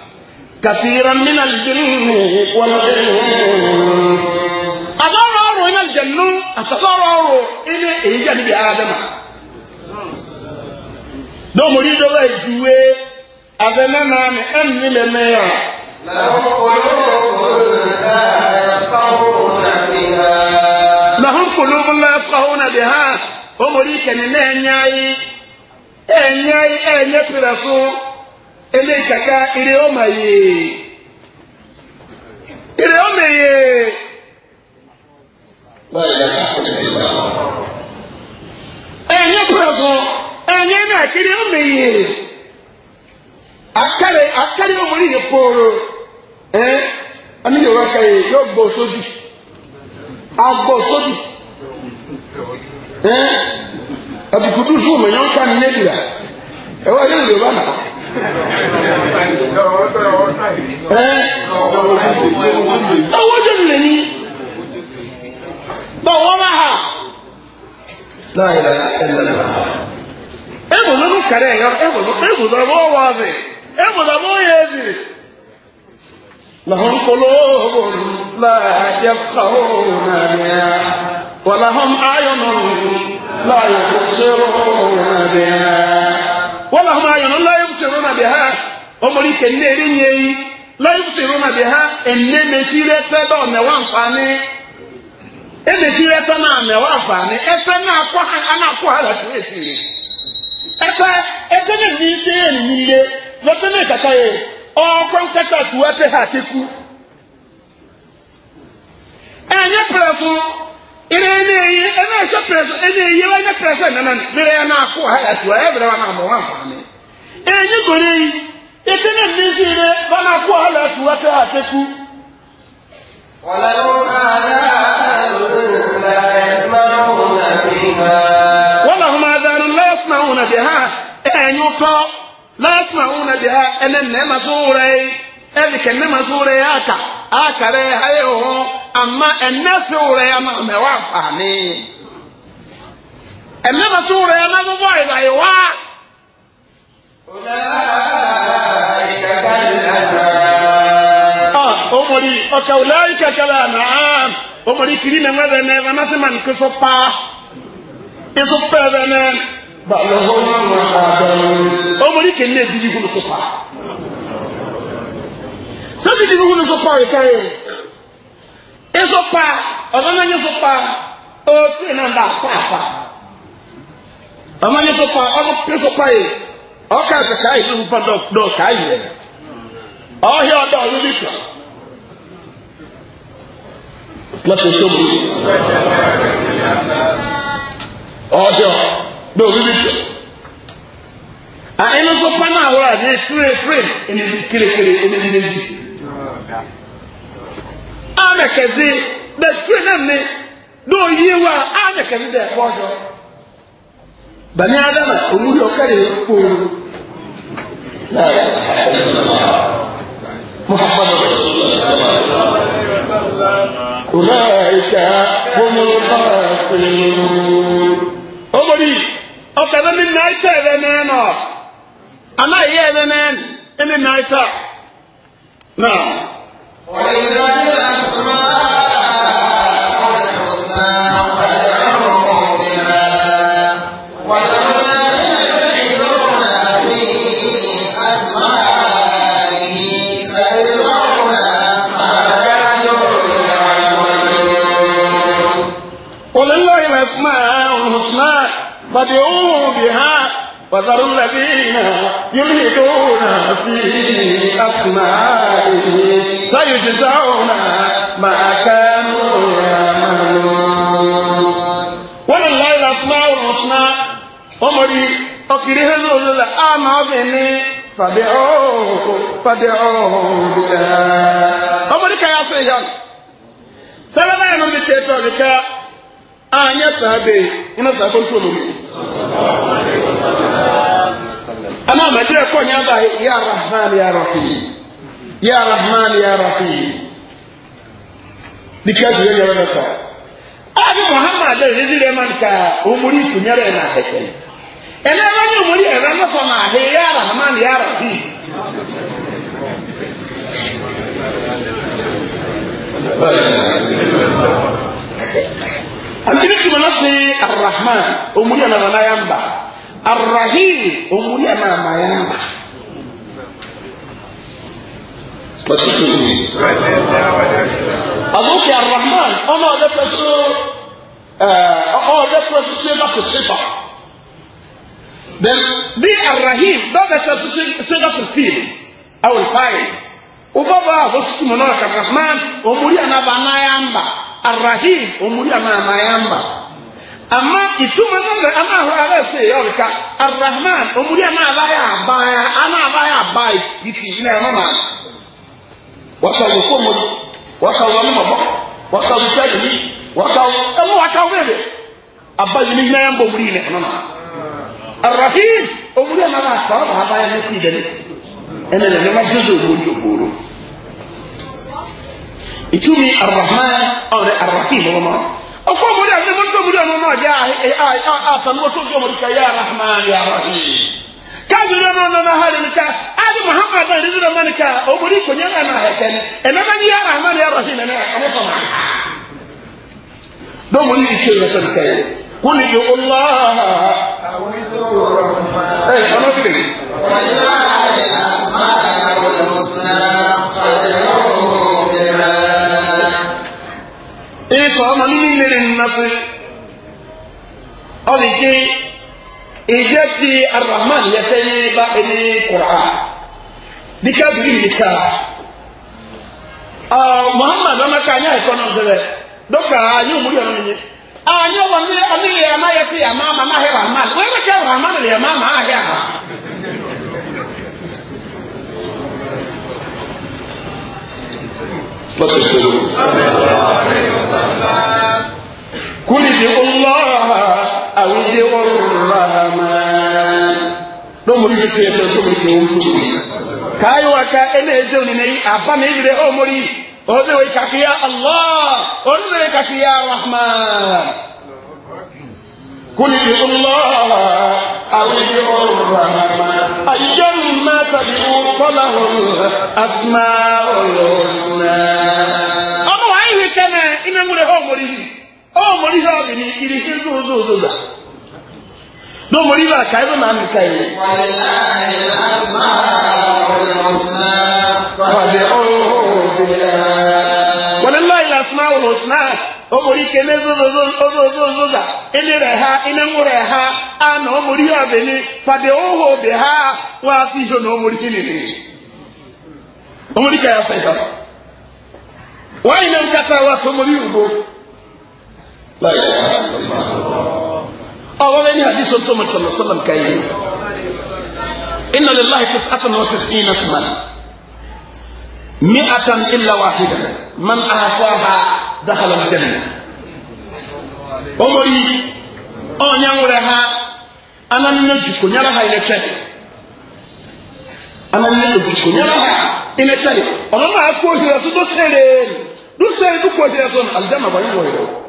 كثيرا من الجن والإنس أضرر من الجن أتضرر إلى إيجاد آدم دو مريد الله يجوي أذنى نام أمي لميا لهم قلوب لا يفقهون بها لهم قلوب لا يفقهون بها ومريد كان لا ينعي أنعي أنعي في رسول ele kaka ire ọma yee ire ọma yee ẹnyẹ kúrọ̀sọ ẹnyẹ náà kiri ọma yee akari akari ọmọ yìí kpọrọ ẹ ẹni yóò wá kàyé yóò gbọ sódì agbọ sódì ẹ ẹtùkùtù sùnmù yọǹkà nínú ẹbìrà ẹ wá yẹn lè wá ọwọ́ jẹ́ nílẹ̀ ní bọ̀wọ́ máa ha ẹ̀bùn ló kàrẹ̀ ẹ̀yọ́ ẹ̀bùn lọ́wọ́ wà bẹ̀ ẹ̀bùn lọ́wọ́ yẹ bẹ̀ لهم قلوب لا يفقهون بها ولهم أعين لا يبصرون بها ولهم أعين لا يبصرون yubsiruna biha omori ke ne ri nyeyi la yubsiruna na enne me sire pe do e na me wa nfani na akwa ha na akwa ha la tu esire e pe e pe ne ni se ni ha nkata tu e ha teku enye preso ire ne yi ene se preso ene ha na akwa ha na mo wa enyi gore yi ìpínlẹ̀ méjì rẹ̀ bá máa kó ọ̀lá kí wá àtẹ́kú. wọ́n lọ́hùn máa dánú lẹ́sìn àwọn ọ̀nà bí ha ẹ̀yìn tọ́ lẹ́sìn àwọn ọ̀nà bí ha ẹni nẹ́ẹ̀mà sóhùn rẹ̀ yìí ẹni kẹ́nẹ́ẹ̀mà sóhùn rẹ̀ àkà àkà rẹ̀ ayé òun àmà rẹ̀ rẹ̀ omori ọka ulaika kala naam omori kiri na nwa bene wana se man kuso pa iso pe bene ba lohon omori ke ne biji kunu so pa se biji kunu so pa ka e iso pa ọdọ na nyeso pa o ti na nda pa pa ọmọ nyeso pa pa e ọkà ẹsẹ káyì ló ń bọ dọ káyì rẹ ọhìá ọdọ ọdún bí tọ. láti tó bu ọdọ dọ ọdún bí tọ. a ẹnu tó pa náà wúrà ní tíré tíré ẹni kérékéré ẹni ní lẹsí. a mẹkẹsí bẹ tíré náà ní dọ yíyé wa a mẹkẹsí bẹ wọ́n jọ. bani adama omuli ọkàlẹ̀ kpọ̀ọ̀rọ̀. لا محمد رسول الله صلى الله عليه وسلم أولئك هم الغافلون أمري أكنا من نايتا إذنانا أنا هي إذنان إن نايتا نعم وإذا الأسماء فادعوا بها وذروا الذين يلهدون في أسمائه سيجزون ما كانوا يعملون ولله الأسماء الحسنى ومري أكره الأولى آمن فادعوه فادعوه بها أمريكا يا سيدي سلام عليكم بالتأثير anya sabe ina sa kon tulo ana ma dire ko nya ba ya rahman ya rahim ya rahman ya rahim dikia ya ka abi muhammad da man ka umuri na kake ene ba ni umuri e ran so ma he ya rahman ya rahim Thank amini tuma na se arahman omuli ana na yamba arahim omuli ana na yamba azɔsi arahman ɔna ɔdɛ fɛ so ɛɛ ɔdɛ fɛ seba to seba then bi arahim dɔbɛ fɛ so seba to fiil awol fail ɔbɛba azɔsi tuma na ɔdɛ arahman omuli ana na yamba arahim omuri amamayamba ama ituma nanga amaho arese yorika arrahman omuri amabaya abaya anabaya abai iti ina mama wakawo komori wakawo amama wakawo tadi wakawo ewo wakawo bebe abayi ni nyamba omuri ina mama arrahim omuri amabaya abaya ne kidani ene ne majuzo omuri omuri ìtumí arahman ọ̀rẹ́ arahim ọmọ ọfọ ọmọdé àti ọmọdé ọmọdé ọmọ náà yá àtàlùmọ́sọ́sọ́ ọmọdé ká yá arahman yá arahim káàdì ní ọmọ náà hàlì nìka áàdì muhammad náà nìdí ọmọ nìka ọmọdé kò nyẹ́ náà náà ẹ̀kẹ́ ni ẹ̀nà bá ní yá arahman yá arahim ya ọmọ sọ̀rọ̀ dọ́mọ ní ìṣe ìrẹsẹ̀ kún ní ịsọ ọnọ n'ime mmasị ọ dị ije ti arahman ya sanye ba eni kwa dika biri dika ah muhammad ona ka anya ko doka anyu muri ona ni anyu wa ni ani ya ma ya ma he rahman wee ma ka ya ha قل ادعوا الله أو ادعوا الرحمن لو مريد شيئا تقول كاي وكا انا ازوني ني ابا مي بده او مري او ده ويكاك يا الله او ده ويكاك يا رحمن قل ادعوا الله او ادعوا الرحمن ايما تدعوا فله الاسماء الحسنى اما وعيه كما ان مري او مري ọ mọ̀rí sọ àbí ní ìrì ụzọ ụzọ oṣù oṣù gbà ló mọ̀rí bá ká ẹ̀rọ máa ike ka ìwé. E ha ene ŋu ha ọwọ́ bẹ́ẹ̀ ní hadith tó mọ̀ sọ̀rọ̀ sọ̀rọ̀ nǹkan yìí inna lillahi tis'atan wa tis'ina isman mi'atan illa wahida man ahsaha dakhala al-janna omori onya ngure ha anan na jiko nyara ha ile tete anan na jiko nyara ha ile tete ona ma ko hira su do sere du sere du ko hira son aljanna ba yin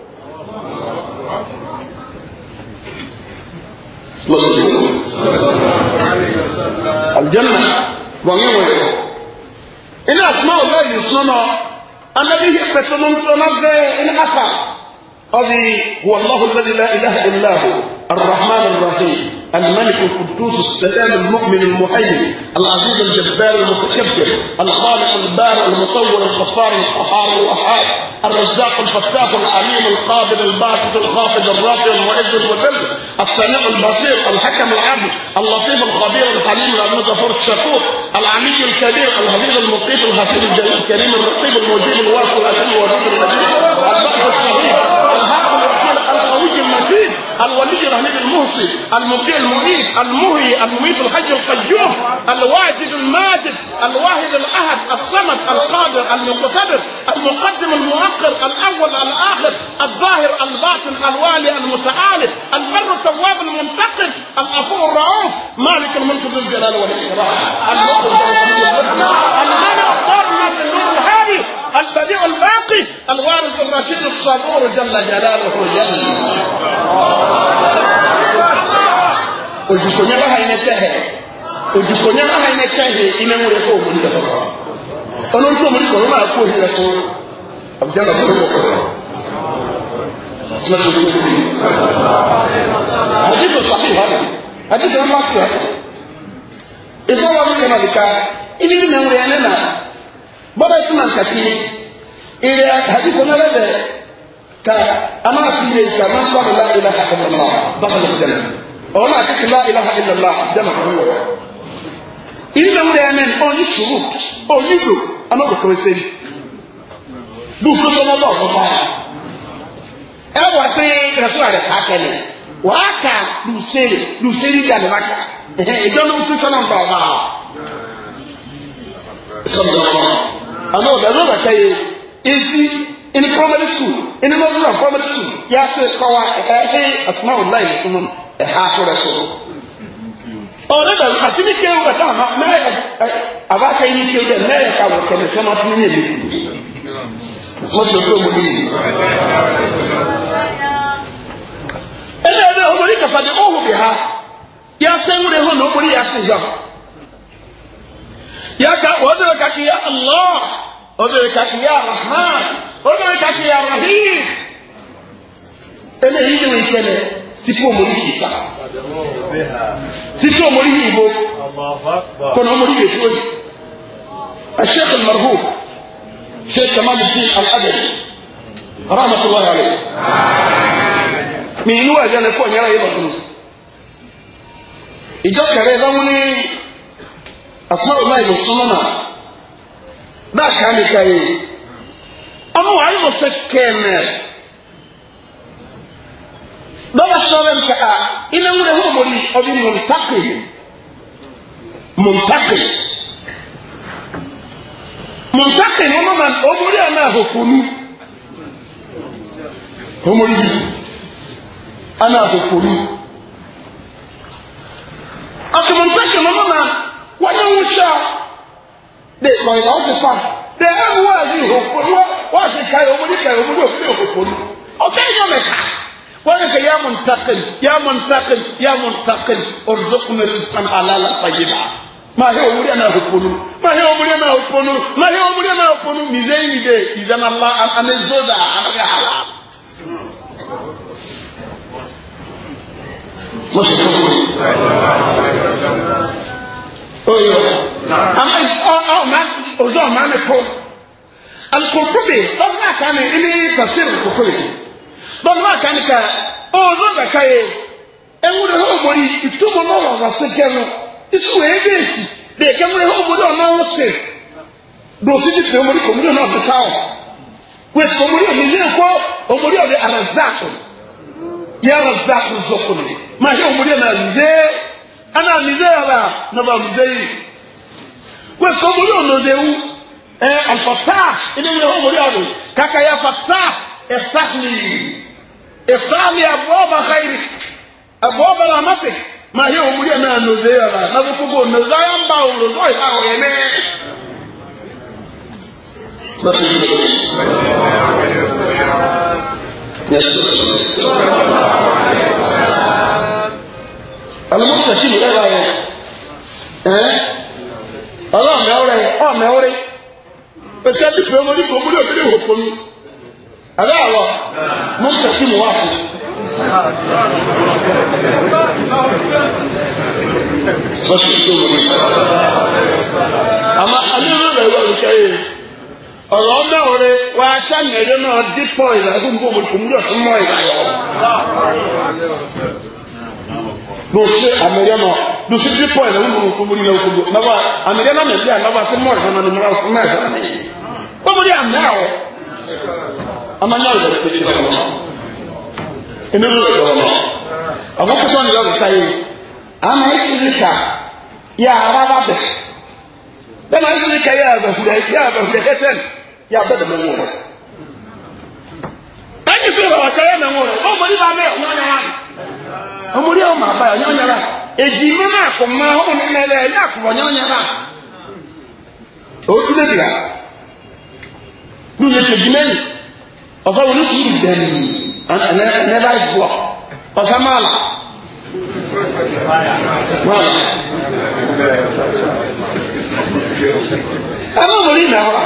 مسجد الجنة ومين إن أسماء الله يسنى أنا به بتنم تنم إن أفا أبي هو الله الذي لا إله إلا هو الرحمن الرحيم الملك القدوس السلام المؤمن المحيي العزيز الجبار المتكبر الخالق البارئ المصور الغفار القهار الاحاد الرزاق الفتاح العليم القابل الباسط الخافض الرافع المعز المذل السميع البصير الحكم العدل اللطيف الخبير الحليم المظفر الشكور العميد الكبير الهزيل المطيف الهزيل الجليل الكريم الرقيب المجيب الواسع العزيز الوزير الرجيم البحر الشهير الحق الولي الرهيب الموصي المبدئ المعيد المهي المميت الحج القيوم الواجد الماجد الواحد الاحد الصمد القادر المتصرف المقدم المؤخر الاول الاخر الظاهر الباطن الوالي المتعالي البر التواب المنتقم الغفور الرؤوف مالك الملك الجلال والاكرام المنع الملك في البديع الباقي الوارث الرشيد الصبور جل جلاله جل ojukonyaba ha inetɛhɛ ojukonyaba ha inetɛhɛ inamure fo omuli ka sɔrɔ ɔlɔntɔ omuli kɔnɔ maa ko ohi ɛfo abujaba bolo wɔ kɔsɔ sinatu tó tóbi àti tó sàbí ha àti tó má tó ìfowópamọ́ kẹmàlíkà ibi tí nàmúrẹ́ yẹn nínà bọ́dá ìsúná nkàtí ilẹ̀ àdìsọ náà lẹ́bẹ̀ẹ́ ka a máa fi ilé ìgbà máa ń bá mi láì láha ìlàlá bákan lè dẹ̀mẹ̀ ọ̀rọ̀ náà ti fi láì láha ìlàlá dẹ̀mẹ̀ kan wọ̀. ìlú rẹ̀ ẹ̀mẹ̀ ọ̀ní ṣòro ọ̀ní lò anákòókò ẹsẹ̀ ni lùkú sọ́nà bá ọ̀gbọ́n bá ẹ wọ sí rẹ̀sùn àrẹ̀ káàkiri wàá kà lùsẹ̀lì lùsẹ̀lì dàlẹ́ bá kà ìjọba tó sọ́nà bá esi in primary school in nursery and primary school yasi kọwa ẹhẹ asuma online fún un ẹha sọrọ sọrọ ọdẹ dàrú àti ní kéwù ẹdá àmà mẹyẹ abáka yìí kéwù dẹ mẹyẹ kàwọ kẹmẹ fẹmọ fún yẹn mi mo sọ pé òmùdí yìí. ẹnlẹ ẹdẹ ọmọdé kàfàdé ọhún bì ha yasẹ nwúre hó na ọmọdé yasẹ yọ yàtà wọ́n dẹrẹ kàkì yà allah ọdún ìkàṣí yà rahman ọdún ìkàṣí yà rahim eléyìí ni wọ́n ṣẹlẹ̀ sípò mórí yìí sá sípò mórí yìí bó kọ́nà mórí yìí fúwé الشيخ المرهوب شيخ كمال الدين الأدبي رحمة الله عليه من ينوى جانفون يرى يبطل إجاك ريضا مني أسماء الله المصنمة dáṣà ní ṣayé ọmọ wa yóò ṣe kẹ́ẹ̀mẹ́ dọ́wọ́ sọ́ọ́rẹ́ nkà á iná ń rẹ̀ wọ́n mọ̀rí ọdún mọ̀ntákì mọ̀ntákì mọ̀ntákì ni wọ́n máa ọmọ orí àná àhòkònú ọmọ orí àná àhòkònú ọ̀sẹ̀ mọ̀ntákì ni wọ́n máa wáyé ń de kọ ìyá ọsì pa de ẹnu wà ní òkòkò wọ́n sì ka ìhòmù ní ka ìhòmù ní òkòkò òkòkò ní ọ̀fẹ́ yẹn mi ká wọ́n ní ka yá mu ntakìn yá mu ntakìn yá mu ntakìn ọ̀rọ̀dọ́kùn mi rìsàn àlàlà fàyèbà máa hẹ́ òmùrí ẹ̀ náà òkòkò ní máa hẹ́ òmùrí ẹ̀ náà òkòkò máa hẹ́ òmùrí ẹ̀ náà òkòkò ní yìí ojú ọ̀ma mi kó alukokobe lọ́dún àká ni ilé pàṣẹ alukokobe lọ́dún àká ni ká ọ̀ọ́dún àkàkà yẹ ewúrẹ́ ọzọ yìí ìtumọ̀ náà wà wá sí gẹ́nu ìṣúwèé bẹ́ẹ̀ sì bẹ́ẹ̀ kẹ́múrẹ́ ọ̀gbọ̀n ọ̀nà ọ̀sẹ̀ dosi ti pe omori komori ona ọsẹta ọ omori omori wẹ́ẹ̀kọ́ mo yóò lò dé wú ẹ alfatah ẹni mi ò wọlé àná kàkà yà fatah ẹ̀fáàlì ẹ̀fáàlì àbọ̀ọ̀bà káyìrì àbọ̀ọ̀bà làmàfẹ́ máa yẹ òun múlẹ̀ náà lò dé yàrá lábẹ́ kókó nọ̀dá yà ń bá òun lò lọ́ ìhà òun yẹn Alamu ta shi ne ɗaya bayan, ọlọ́ọ̀mẹ́ ọ̀rẹ́ ọ̀mẹ́ ọ̀rẹ́ pẹ̀sẹ̀ bí pé ọmọdé kò múlò bí wò fún mi ẹ̀rẹ́ àwọ̀ mú kẹ̀kí mú wá fún àmà alẹ́rú rẹ̀ wà lókè yìí ọ̀rọ̀ ọmọ ọ̀rẹ́ wa aṣáyẹ̀rẹ́ náà dípọ̀ ìlà ẹ̀kú mú kò múlò fún mọ́ ìlà n'ose ameria nọ n'ose bi pọ ẹna wúlò nkómori náà nkómori nàbà ameria náà nàbí ànàbà sẹ mọ ẹhọ náà nìmọra ọkọ náà ẹhọ náà kómori àmì àwọ amanya ọjọ rẹ pẹsi ọmọ ẹni ló sọ ọmọ ọmọ kọsọ ni yọrọ ká yìí ama esi ni ká yà ara bá bẹ bẹẹni esi ni ká yà abẹhùrẹ yà abẹhùrẹ kẹsẹn yà abẹ dẹmẹ wọ rẹ ẹni sọ wà kẹyẹ mẹ wọ rẹ ọmọ nípa mẹ ọmọ náà yà ọmọdé ọmọ àbáyọ nyányára èdè mímọ àkọmọ ọmọ mímọ ẹlẹ ẹyẹ àkọmọ nyányára òtún lè dìrà lóye tèjì mẹyìn ọfọ wọn ní sùúrù dẹni ẹnẹbà ìfọ ọfọ máàlà máàlà ẹnlẹ ọmọdé ìnà ọrọ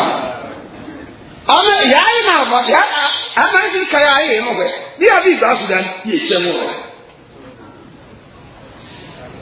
ọmọ yàrá yìí náà bọ yàrá àmà ẹsìn kàyà ayé yìí mọ bẹ bí a bí ìgbà sùdà yìí tẹ mọ rẹ.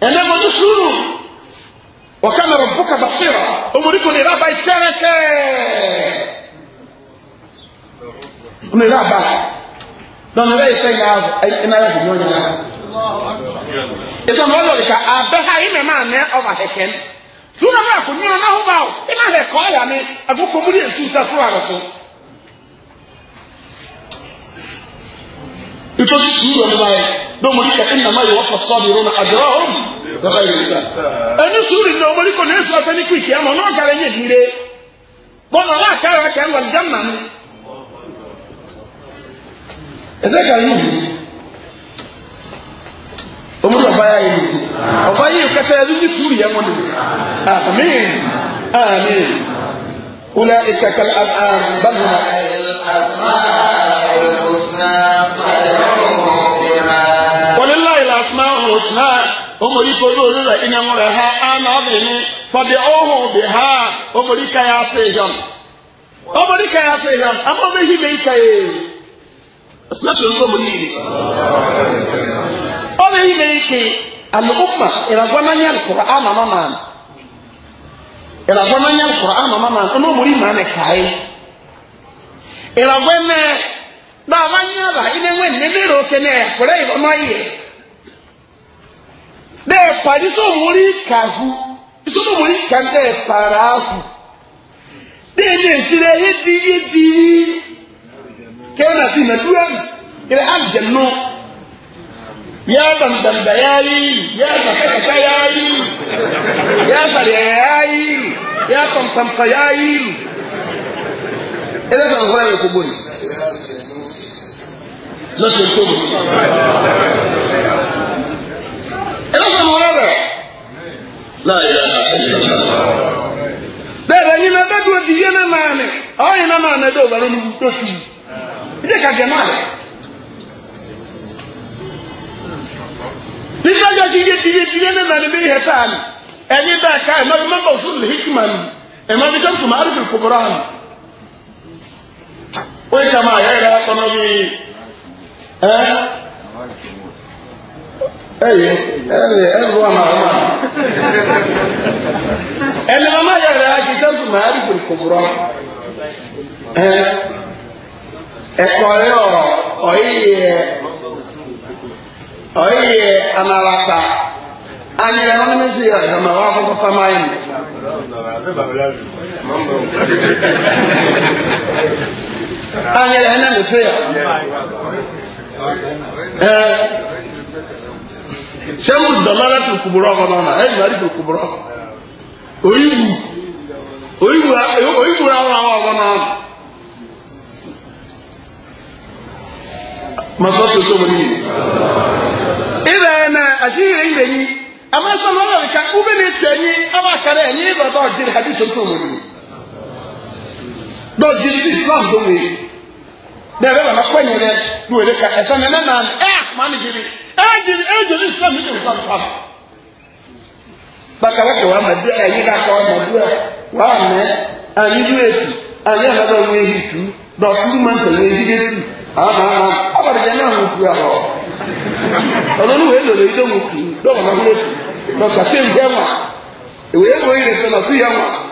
ẹnẹ mo tún sùúrù ọ̀ká mi rọ̀ bùkà bá fìrà ọmọdé kò ní ìlà báyìí tẹ́rẹ́tẹ́ ọmọ ìlà bá lọ́nà bẹ́ẹ̀ sẹ́ ya ẹ̀ná yà fún wọn yàrá. ìsọ̀nà ọlọ́ọ̀lì ká abẹ́ ha yìí mẹ́mà mẹ́ ọba kẹ̀kẹ́ ní. sùúrù náà kò ní ọ̀nà náà hó bá ọ nítorí sùúrù ọ̀nà báyìí lọ́mọ ní kẹfẹ́ nàmá yìí wọ́n fọ sọ́ọ̀bù rọ́nà àjọrọ̀ ọ̀hún lọ́kà yìí sá. ẹni sùúrù ní ọmọ nípa nẹ́ẹ̀sì ọ̀fẹ́ ní kìkì ẹ̀mọ́ náà kàrẹ́ yé ìdílé bọ́ọ̀nà wà kàrẹ́ wà kàrẹ́ wà ní gánà ni. ẹ̀sẹ̀ kà yìí ọmọ ní ọba yà yìí ọba yìí kẹsẹ̀ ẹni ní sùúrù yẹn wọn nìyí. àmín àmín. الأسماء الحسنى فادعوه بها ولله الأسماء الحسنى omori kodo olóòlà ìyàmú rẹ ha àná ọbìnrin fọdẹ ọhún bẹ ha omori kaya sehion omori kaya sehion amọmọhi bẹ ikaye sinapẹ nkọ omori yìí ọmọhi bẹ ike alùpùpà ìràgbọnanya nkọrọ àmàmà màn ìràgbọnanya nkọrọ àmàmà màn ọmọ omori màn ẹ kàáyé ìrànwọ́ mẹ́ bá a bá yín àbá ilé wẹ̀ nílé ìròkè náà ẹ̀kúrẹ́ ìrọ́mọ́ yìí bẹ́ẹ̀ pàdé sọ̀mùrí kàhu sọ̀mùrí kàndé pàrà áhù bẹ́ẹ̀ ní ìṣirẹ́ yédi yédi kéwọ́n àti ìmọ̀dúrà ìrẹ́ àjẹ̀ nù yá bàǹdàǹdà yá yí yá bàǹkàkà yá yí yá bàlẹ̀ yá yí yá pàmpàmpà yá yí ẹlẹ́fà nǹkan ayé kò gbòòrò lọ́sọ̀ tó bò. ẹlẹ́fà mọ̀ rẹ̀ láàyè bẹ́ẹ̀ ni mẹ bẹ́ẹ̀ dúró dìyẹ náà máa nẹ ọ̀ yẹn náà máa nẹ dẹ́ òbẹ̀rẹ̀ ní tó tù ilé kàgẹ́ máa rẹ̀. bísọ́jọ́ dìyẹ dìyẹ dìyẹ náà máa nẹ bẹ́ẹ̀ yẹ sáà ni ẹni bẹ́ẹ̀ ká ẹ̀ máa bí mẹ́mbà òṣùlù hikimani ẹ̀ máa bí jọ́mùtù máa rí fi kòkòrò àná wọ́n ṣe máa yẹ́ ìdára kan náà bíi ẹ́ ẹ̀yẹ ẹ̀yẹ ẹ̀rọ àmà àmà ẹ̀lẹ́ ọmọ yẹ́ ìdára kì í sẹ́sù máa rí kòrò kòbúrọ́ ẹ̀ ẹ̀kọ́ rẹ̀ ọ̀yẹ́ ọ̀yẹ́ anárakà ani ɛhɔ ne mesi yɛ ɛhɛmɛ wa akɔkɔ fama yi mu. anya ya na mefe ya sẹ́mu dọ̀lára tó kùbùrọ̀ ọmọ náà ẹ̀ ìgbà tó kùbùrọ̀ Oyi oyi oyiwu àwọn àwọn ọmọ náà masọ́ tó tó wọlé yìí ilẹ̀ ẹ̀ yi àti ilẹ̀ ilẹ̀ yìí àmọ́ sọ́nà ọ̀rọ̀ ìka ubẹ̀ ní tẹ̀yìn abákarẹ̀ ẹ̀ ní ìbàdàn dɔs bi si islam do na ɛbɛ bana kɔ nyɛlɛ ka ɛsɛ na nɛ na ɛ maa mi jiri ɛ jiri ɛ jiri islam mi jiri islam pa baka ma du ɛyi ka kɔ ma du wa mɛ anyi du etu anyi ɛna wo ehi tu dɔs tu ma ntɛ wo ehi etu ama ama ɔbɛrɛ ahụ naa ŋutu awɔ ɔlɔdi wo elolo yi do ŋutu dɔwɔ na wo etu dɔkita se n jɛ ya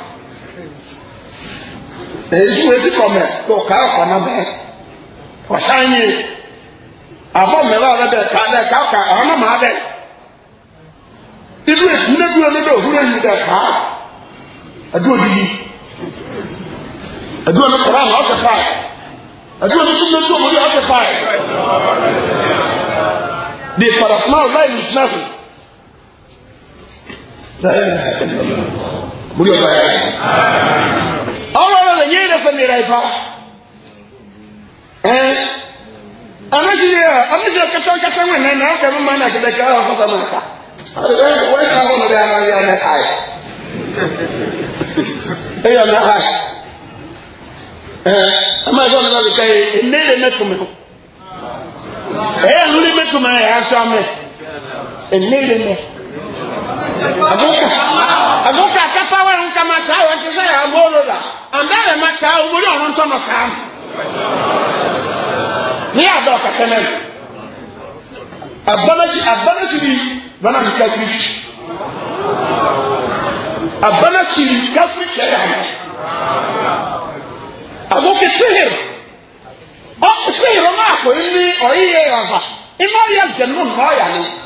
èyí wọ́n ti kọ́ mẹ́ tó ká ọ̀kọ́ náà mẹ́ ọ̀sán yìí àfọ̀ mẹ́rẹ́ ọ̀rẹ́ bẹ̀ ká dẹ̀ ká ọ̀kà ọ̀hún náà máa bẹ̀ ibi èkú níbi onídọ̀ òwúrọ̀ yìí dẹ̀ ká ẹ̀dúró yìí ẹ̀dúró ní kọ́ra náà ọ̀sẹ̀ fáì ẹ̀dúró ní túnbẹ̀ tó wọlé ọ̀sẹ̀ fáì di padà fún àwọn láì lùsùn náà fún mìíràn ìfà ẹ anagye yẹ anagye yẹ kẹtẹ kẹtẹ wọn nẹ nà akẹ mma nà kẹtẹ kẹtẹ wọn fọsọ mọ nka wọn ẹka wọn nà bẹ ara yẹ ọmọ ẹka yẹ ẹ yẹ ọmọ ẹka yẹ ẹ ama ẹgbẹ ọmọ náà kẹ ẹ ẹnẹ yẹ mẹtọ mẹ ẹ yẹ ẹnlẹ mẹtọ mẹ ẹ yẹ asọ amẹ ẹnẹ yẹ mẹ agoka akapa wa nka ma taa wa ti sɛ yɛ amoro la anda yɛ ma taa o mori ɔno ntɔnɔ kaa ne yɛ adɔ kɛkɛ nɛ abanasi abanasi bi bana mi kakiri abanasi bi kakiri kɛ yɛ ama agoka sihir ɔ sihir ɔmo akɔ yi ni ɔyi yɛ yɛ ava ima yɛ jɛnu na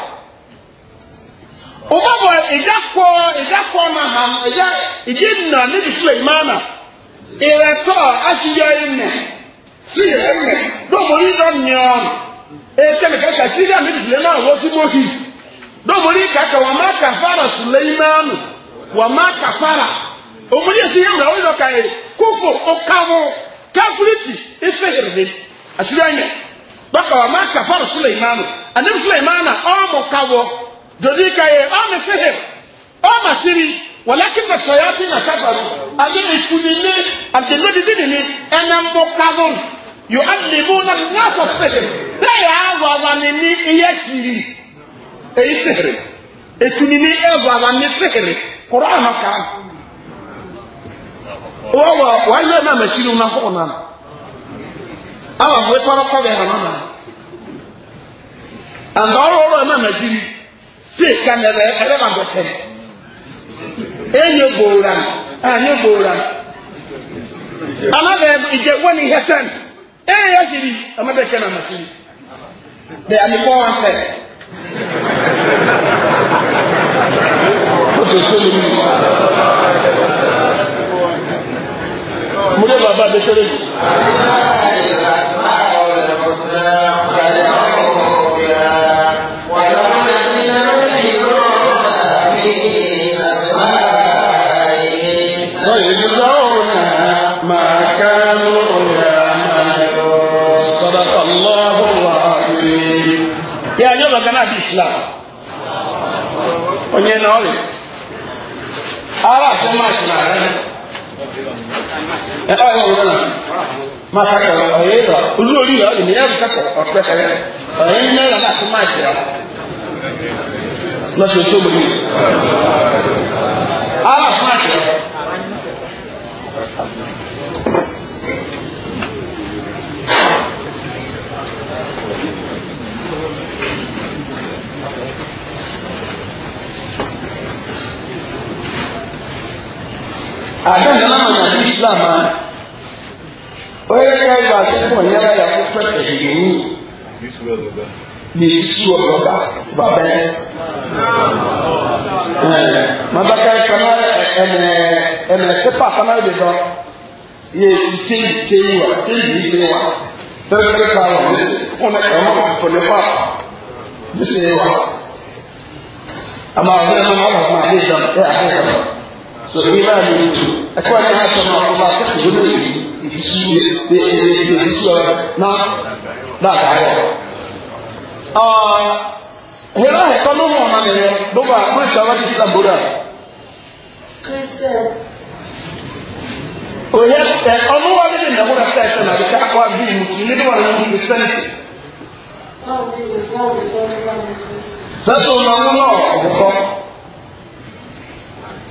ụmụ bụ ịja na ha ịja nna n'ebi suleimana ịretọ achịjọ ime si eme dọmọrị ịdọ nyọọ e si ga n'ebi suleimana wọ si mohi dọmọrị ka ka wama kafara suleimana wama kafara omori esi ihe mra ụlọ ka kụfụ ụkawụ kafara anebi ọ jòdì kàyé ọmọ fihìm ọmọ siri wọlákin na sọyàtì na kábàrù àdínní sunilé àdínní dídínní ẹnà ń bọ kánún yóò àdínní náà ní àfọ fihìm bẹ́ẹ̀ yà á wà wà ní ní iye siri èyí sihiri ètùnì ní ẹ wà wà ní sihiri kúrò àná kan wọ́n wọ wọ́n yẹ náà mẹ́sìrì náà fọ́ọ̀nù náà àwọn àwọn ìfọ̀rọ̀kọ̀ bẹ̀rẹ̀ náà àǹdà ọ̀rọ̀ ọ̀rọ̀ náà tí kan ẹ̀rẹ́ ẹ̀rẹ́ máa bẹ̀ tẹ̀lé ẹ̀yẹ bòòrà ẹ̀yẹ bòòrà amábẹ̀ ìjẹ wọ́n ni hẹ́sẹ̀n ẹ̀yẹ ṣìrì amábẹ̀ kẹ́ náà màkìrì bẹ̀ àmì kọ́ wọn fẹ́ mo lé bàbá bẹ́sẹ̀rẹ́ yìí. يجزون ما الإسلام onye na ọrịa ara asị mmasị na ara ọ ịhụ ọrụ ma kakọrọ ọrịa ịlọ olu ori ya ọrịa ya kakọrọ ọtụtụ ọrịa ndị na-ere na asị mmasị ya lọsọ otu obodo ara asị mmasị ya agana mama na islam a oye ka ẹ gba ti mo nyara ya ko pẹ pẹ yìí ní sísú ọlọba bàbá yẹn ẹ mabaka kana ẹnẹ ẹnẹ pépà kana yẹ dọ yẹ si téyì téyì wa téyì yìí sè wa tẹlifíṣẹ ká wà ní sè wọn ẹ mọ tó ní fa ní sè wa àmà ọdún ẹ mọ wọn wà fún àdéhùn ẹ àdéhùn imani yetu akiwa na hata na Allah kutuzuri isiwe isiwe na na kayo ah hela hapa ndo mwana ne ndo ba kwa watu kisambura Christian oye ẹ ọmọ wa lè nà wúlò ẹsẹ ẹsẹ nà bìkà wà bí mùsùlùmí ní wà lè ní kìrìsìtẹ́ntì. sẹ́tù ọ̀nà wọn náà ọ̀bùkọ́.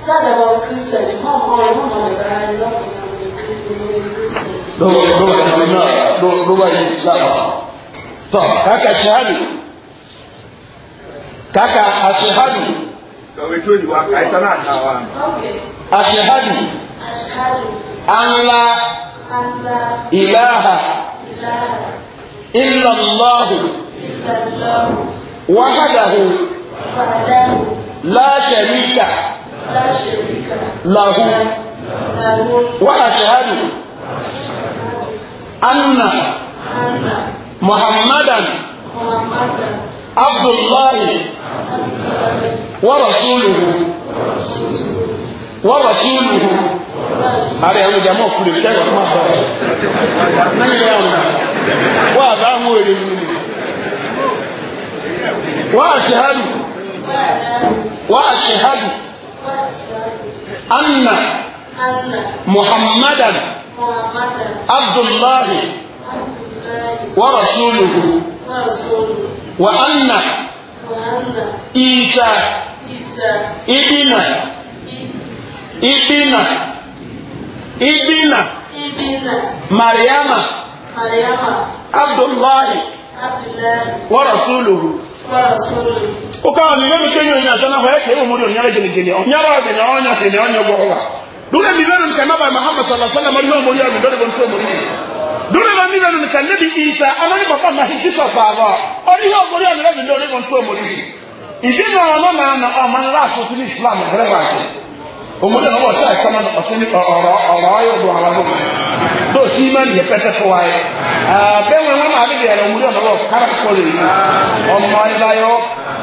Dada wa Kristiani, mama wa mama wa dada ndio do do na do do ba ni sala to kaka shahadu kaka ashahadu kawetu ni wakaita na hawa okay ashahadu ashahadu anla anla ilaha ilaha illa allah illa allah wahdahu wahdahu la sharika لا شريك له وأشهد أن محمدا عبد الله ورسوله ورسوله ààrẹ àwọn ìjàmọ́ òkúrò ìṣẹ́gbà máa bá nàìjíríà ọ̀nà wà láàmú èrè nínú wà ṣe hàdù wà ṣe hàdù أن محمدا عبد الله ورسوله وأن إيسى ابن ابن ابن مريم عبد الله ورسوله ukawa milele kenyo nyazana hoya kaiwa muri onyara jene jene onyara jene onya jene onya gohova dule milele mkanaba ya Muhammad sallallahu alaihi wasallam aliyo muri ya midole bonso muri dule ba milele mkanabi Isa amani papa mahikisa baba aliyo muri ya midole bonso muri ijina mama na amana la sotu ni islam grema omuli ọmọ ọsẹ àìsàn ọsẹni ọrọ ọrọ ayọ do ara ló tó sí má nìyẹn pẹtẹ fún wa yẹ bẹẹ wọn máa bí bẹrẹ omuli ọmọ ọmọ kára kọlẹ yìí ọmọ ẹlá yọ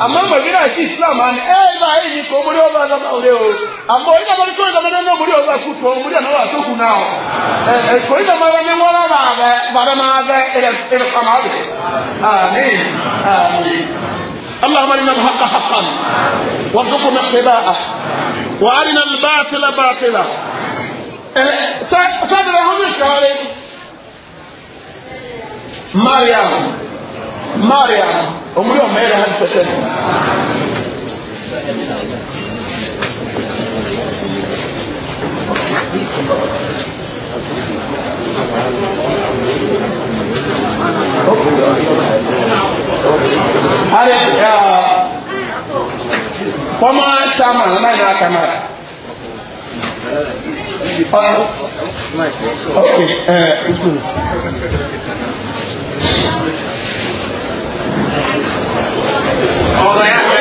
àmọ mẹbi náà sí islam àná ẹ ẹ bá yìí kò omuli ọmọ ọmọ ọrẹ o àmọ oyin náà tó ìdáná náà omuli ọmọ ẹkú tó omuli ọmọ ọmọ àtọkù náà ọ ẹ ẹ kò ìdá máa bẹ wọn náà bá bẹ bàbá máa bẹ ẹrẹ ẹrẹ kàmá bẹ àmín àmín اللهم ارنا الحق حقا وارزقنا اتباعه وارنا الباطل باطلا فضل هناك هذه مريم مريم أمري أمي لها الفتن هذه former chairman náà ní akama okay ẹ ọ̀rọ̀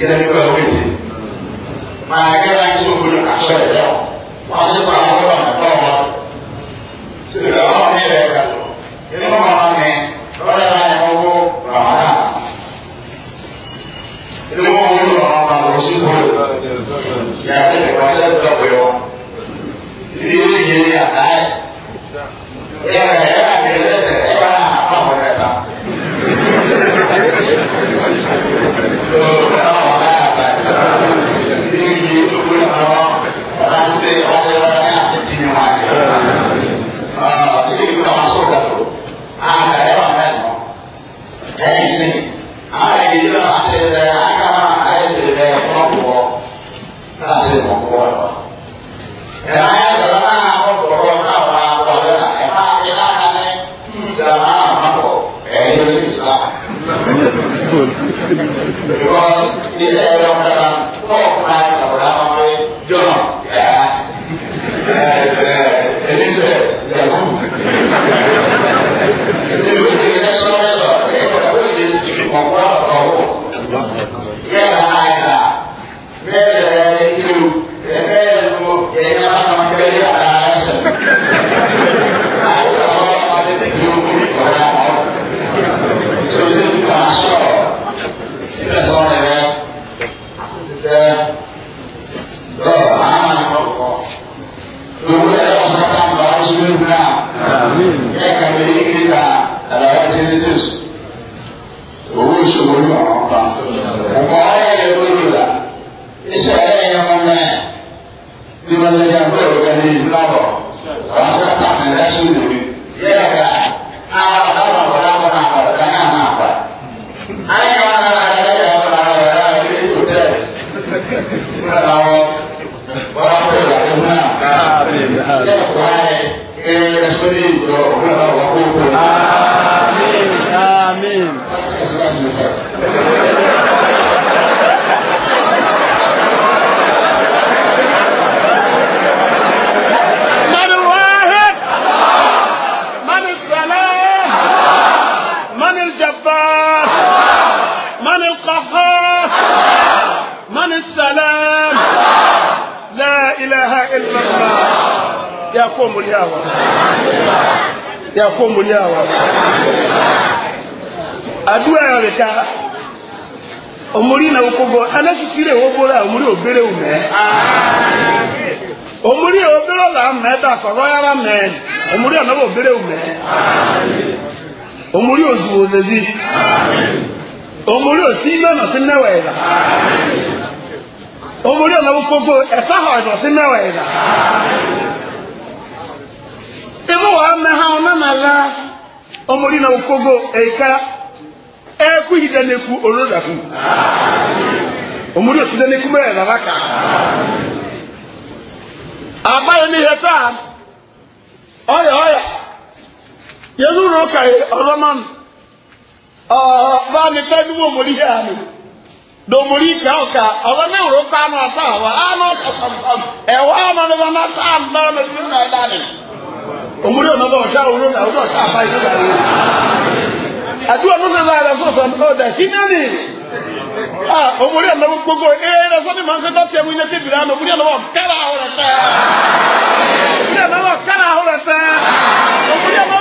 Yeah. ilaha illallah ya ko muryawa ya ko muryawa adua ya reka omuri na ukogo anasitire wobora omuri obere ume omuri obere la me da ko royal men omuri na obere ume omuri ozuwo zezi omuri osi na na sinna wa omori ọ̀nàwó kókó ẹ̀fà hà ọ̀dọ̀ sí mẹ́wàá ẹ̀dà imú wa mẹ́ha na ala omori ọ̀nàwó kókó ẹ̀ka ẹ̀kú ìdẹ́nẹ́kú olódàkú omori òsídẹ́nẹ́kú mẹ́wàá ẹ̀dà ihe ọya ọya ọyà yẹnu rọ kàyé ọ ihe domori ka ọka ọba ní òrò pa ama ọta ọwa ama ẹwà ama ní wọn ata ama ọmọ ẹbí nínú ẹdá ni omori ọmọ bá ọta òwúrọ náà ọta ọta àbá ìlú náà yẹn àti wọn nínú ẹdá rẹ sọsọ ní ọdẹ kínyẹ ni omori ọmọ gbogbo ee rẹ sọ ni màá sẹ dọkítà mu ní ẹtí bìrì àná omori ọmọ kára ahọrẹ tẹ omori ọmọ kára ahọrẹ tẹ omori ọmọ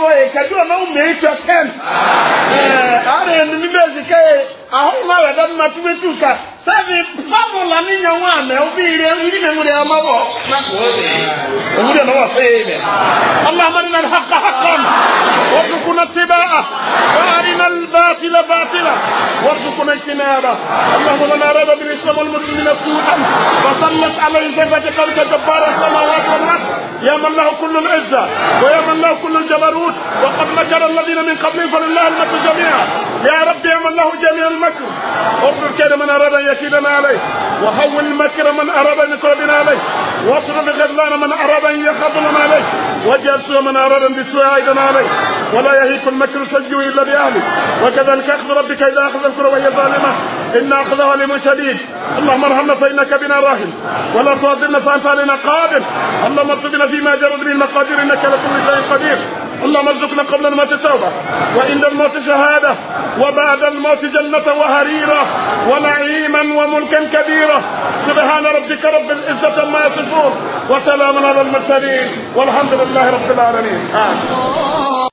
wọ yẹ kẹdùn ọ̀nà ọ̀hún mẹ́rin tó ẹ̀ tẹ́m. ààrẹ ẹni mímẹ́sì kẹ́yẹ. ahoma wɛda ma tuma tu ka sɛbi fámùlà ni nyɛ wọn àmɛ obi ire yi mi mu de ɔma bɔ omu de na wɔ fɛyɛ mɛ alahama nina haka hakan wɔtukuna tibaa wɔarina baatila baatila wɔtukuna kinaba alahama nana araba bi islam almuslimin suudan wasallat alayhi zafati kalka jabara samawati wal ard يا من له كل العزة ويا من له كل الجبروت وقد مكر الذين من قبلهم فلله المكر جميعا يا رب يا من له جميع المكر اردد كيد من اراد ان يكيدنا عليه وهول المكر من اراد ان يكون عليه واصرف غضلان من اراد ان يخذلنا عليه واجعل سوء من اراد ان بالسوء ايضا عليه ولا يهيك المكر سجوا الا باهله وكذلك اخذ ربك اذا اخذ الكره وهي ظالمه ان اخذها لمن شديد اللهم ارحمنا فانك بنا راحم ولا تعذبنا فانت علينا قادر اللهم اطلبنا فيما جرد من المقادير انك لكل شيء قدير اللهم ارزقنا قبل الموت توبة وعند الموت شهادة وبعد الموت جنة وهريرة ونعيما وملكا كبيرا سبحان ربك رب العزة ما يصفون وسلام على المرسلين والحمد لله رب العالمين آه.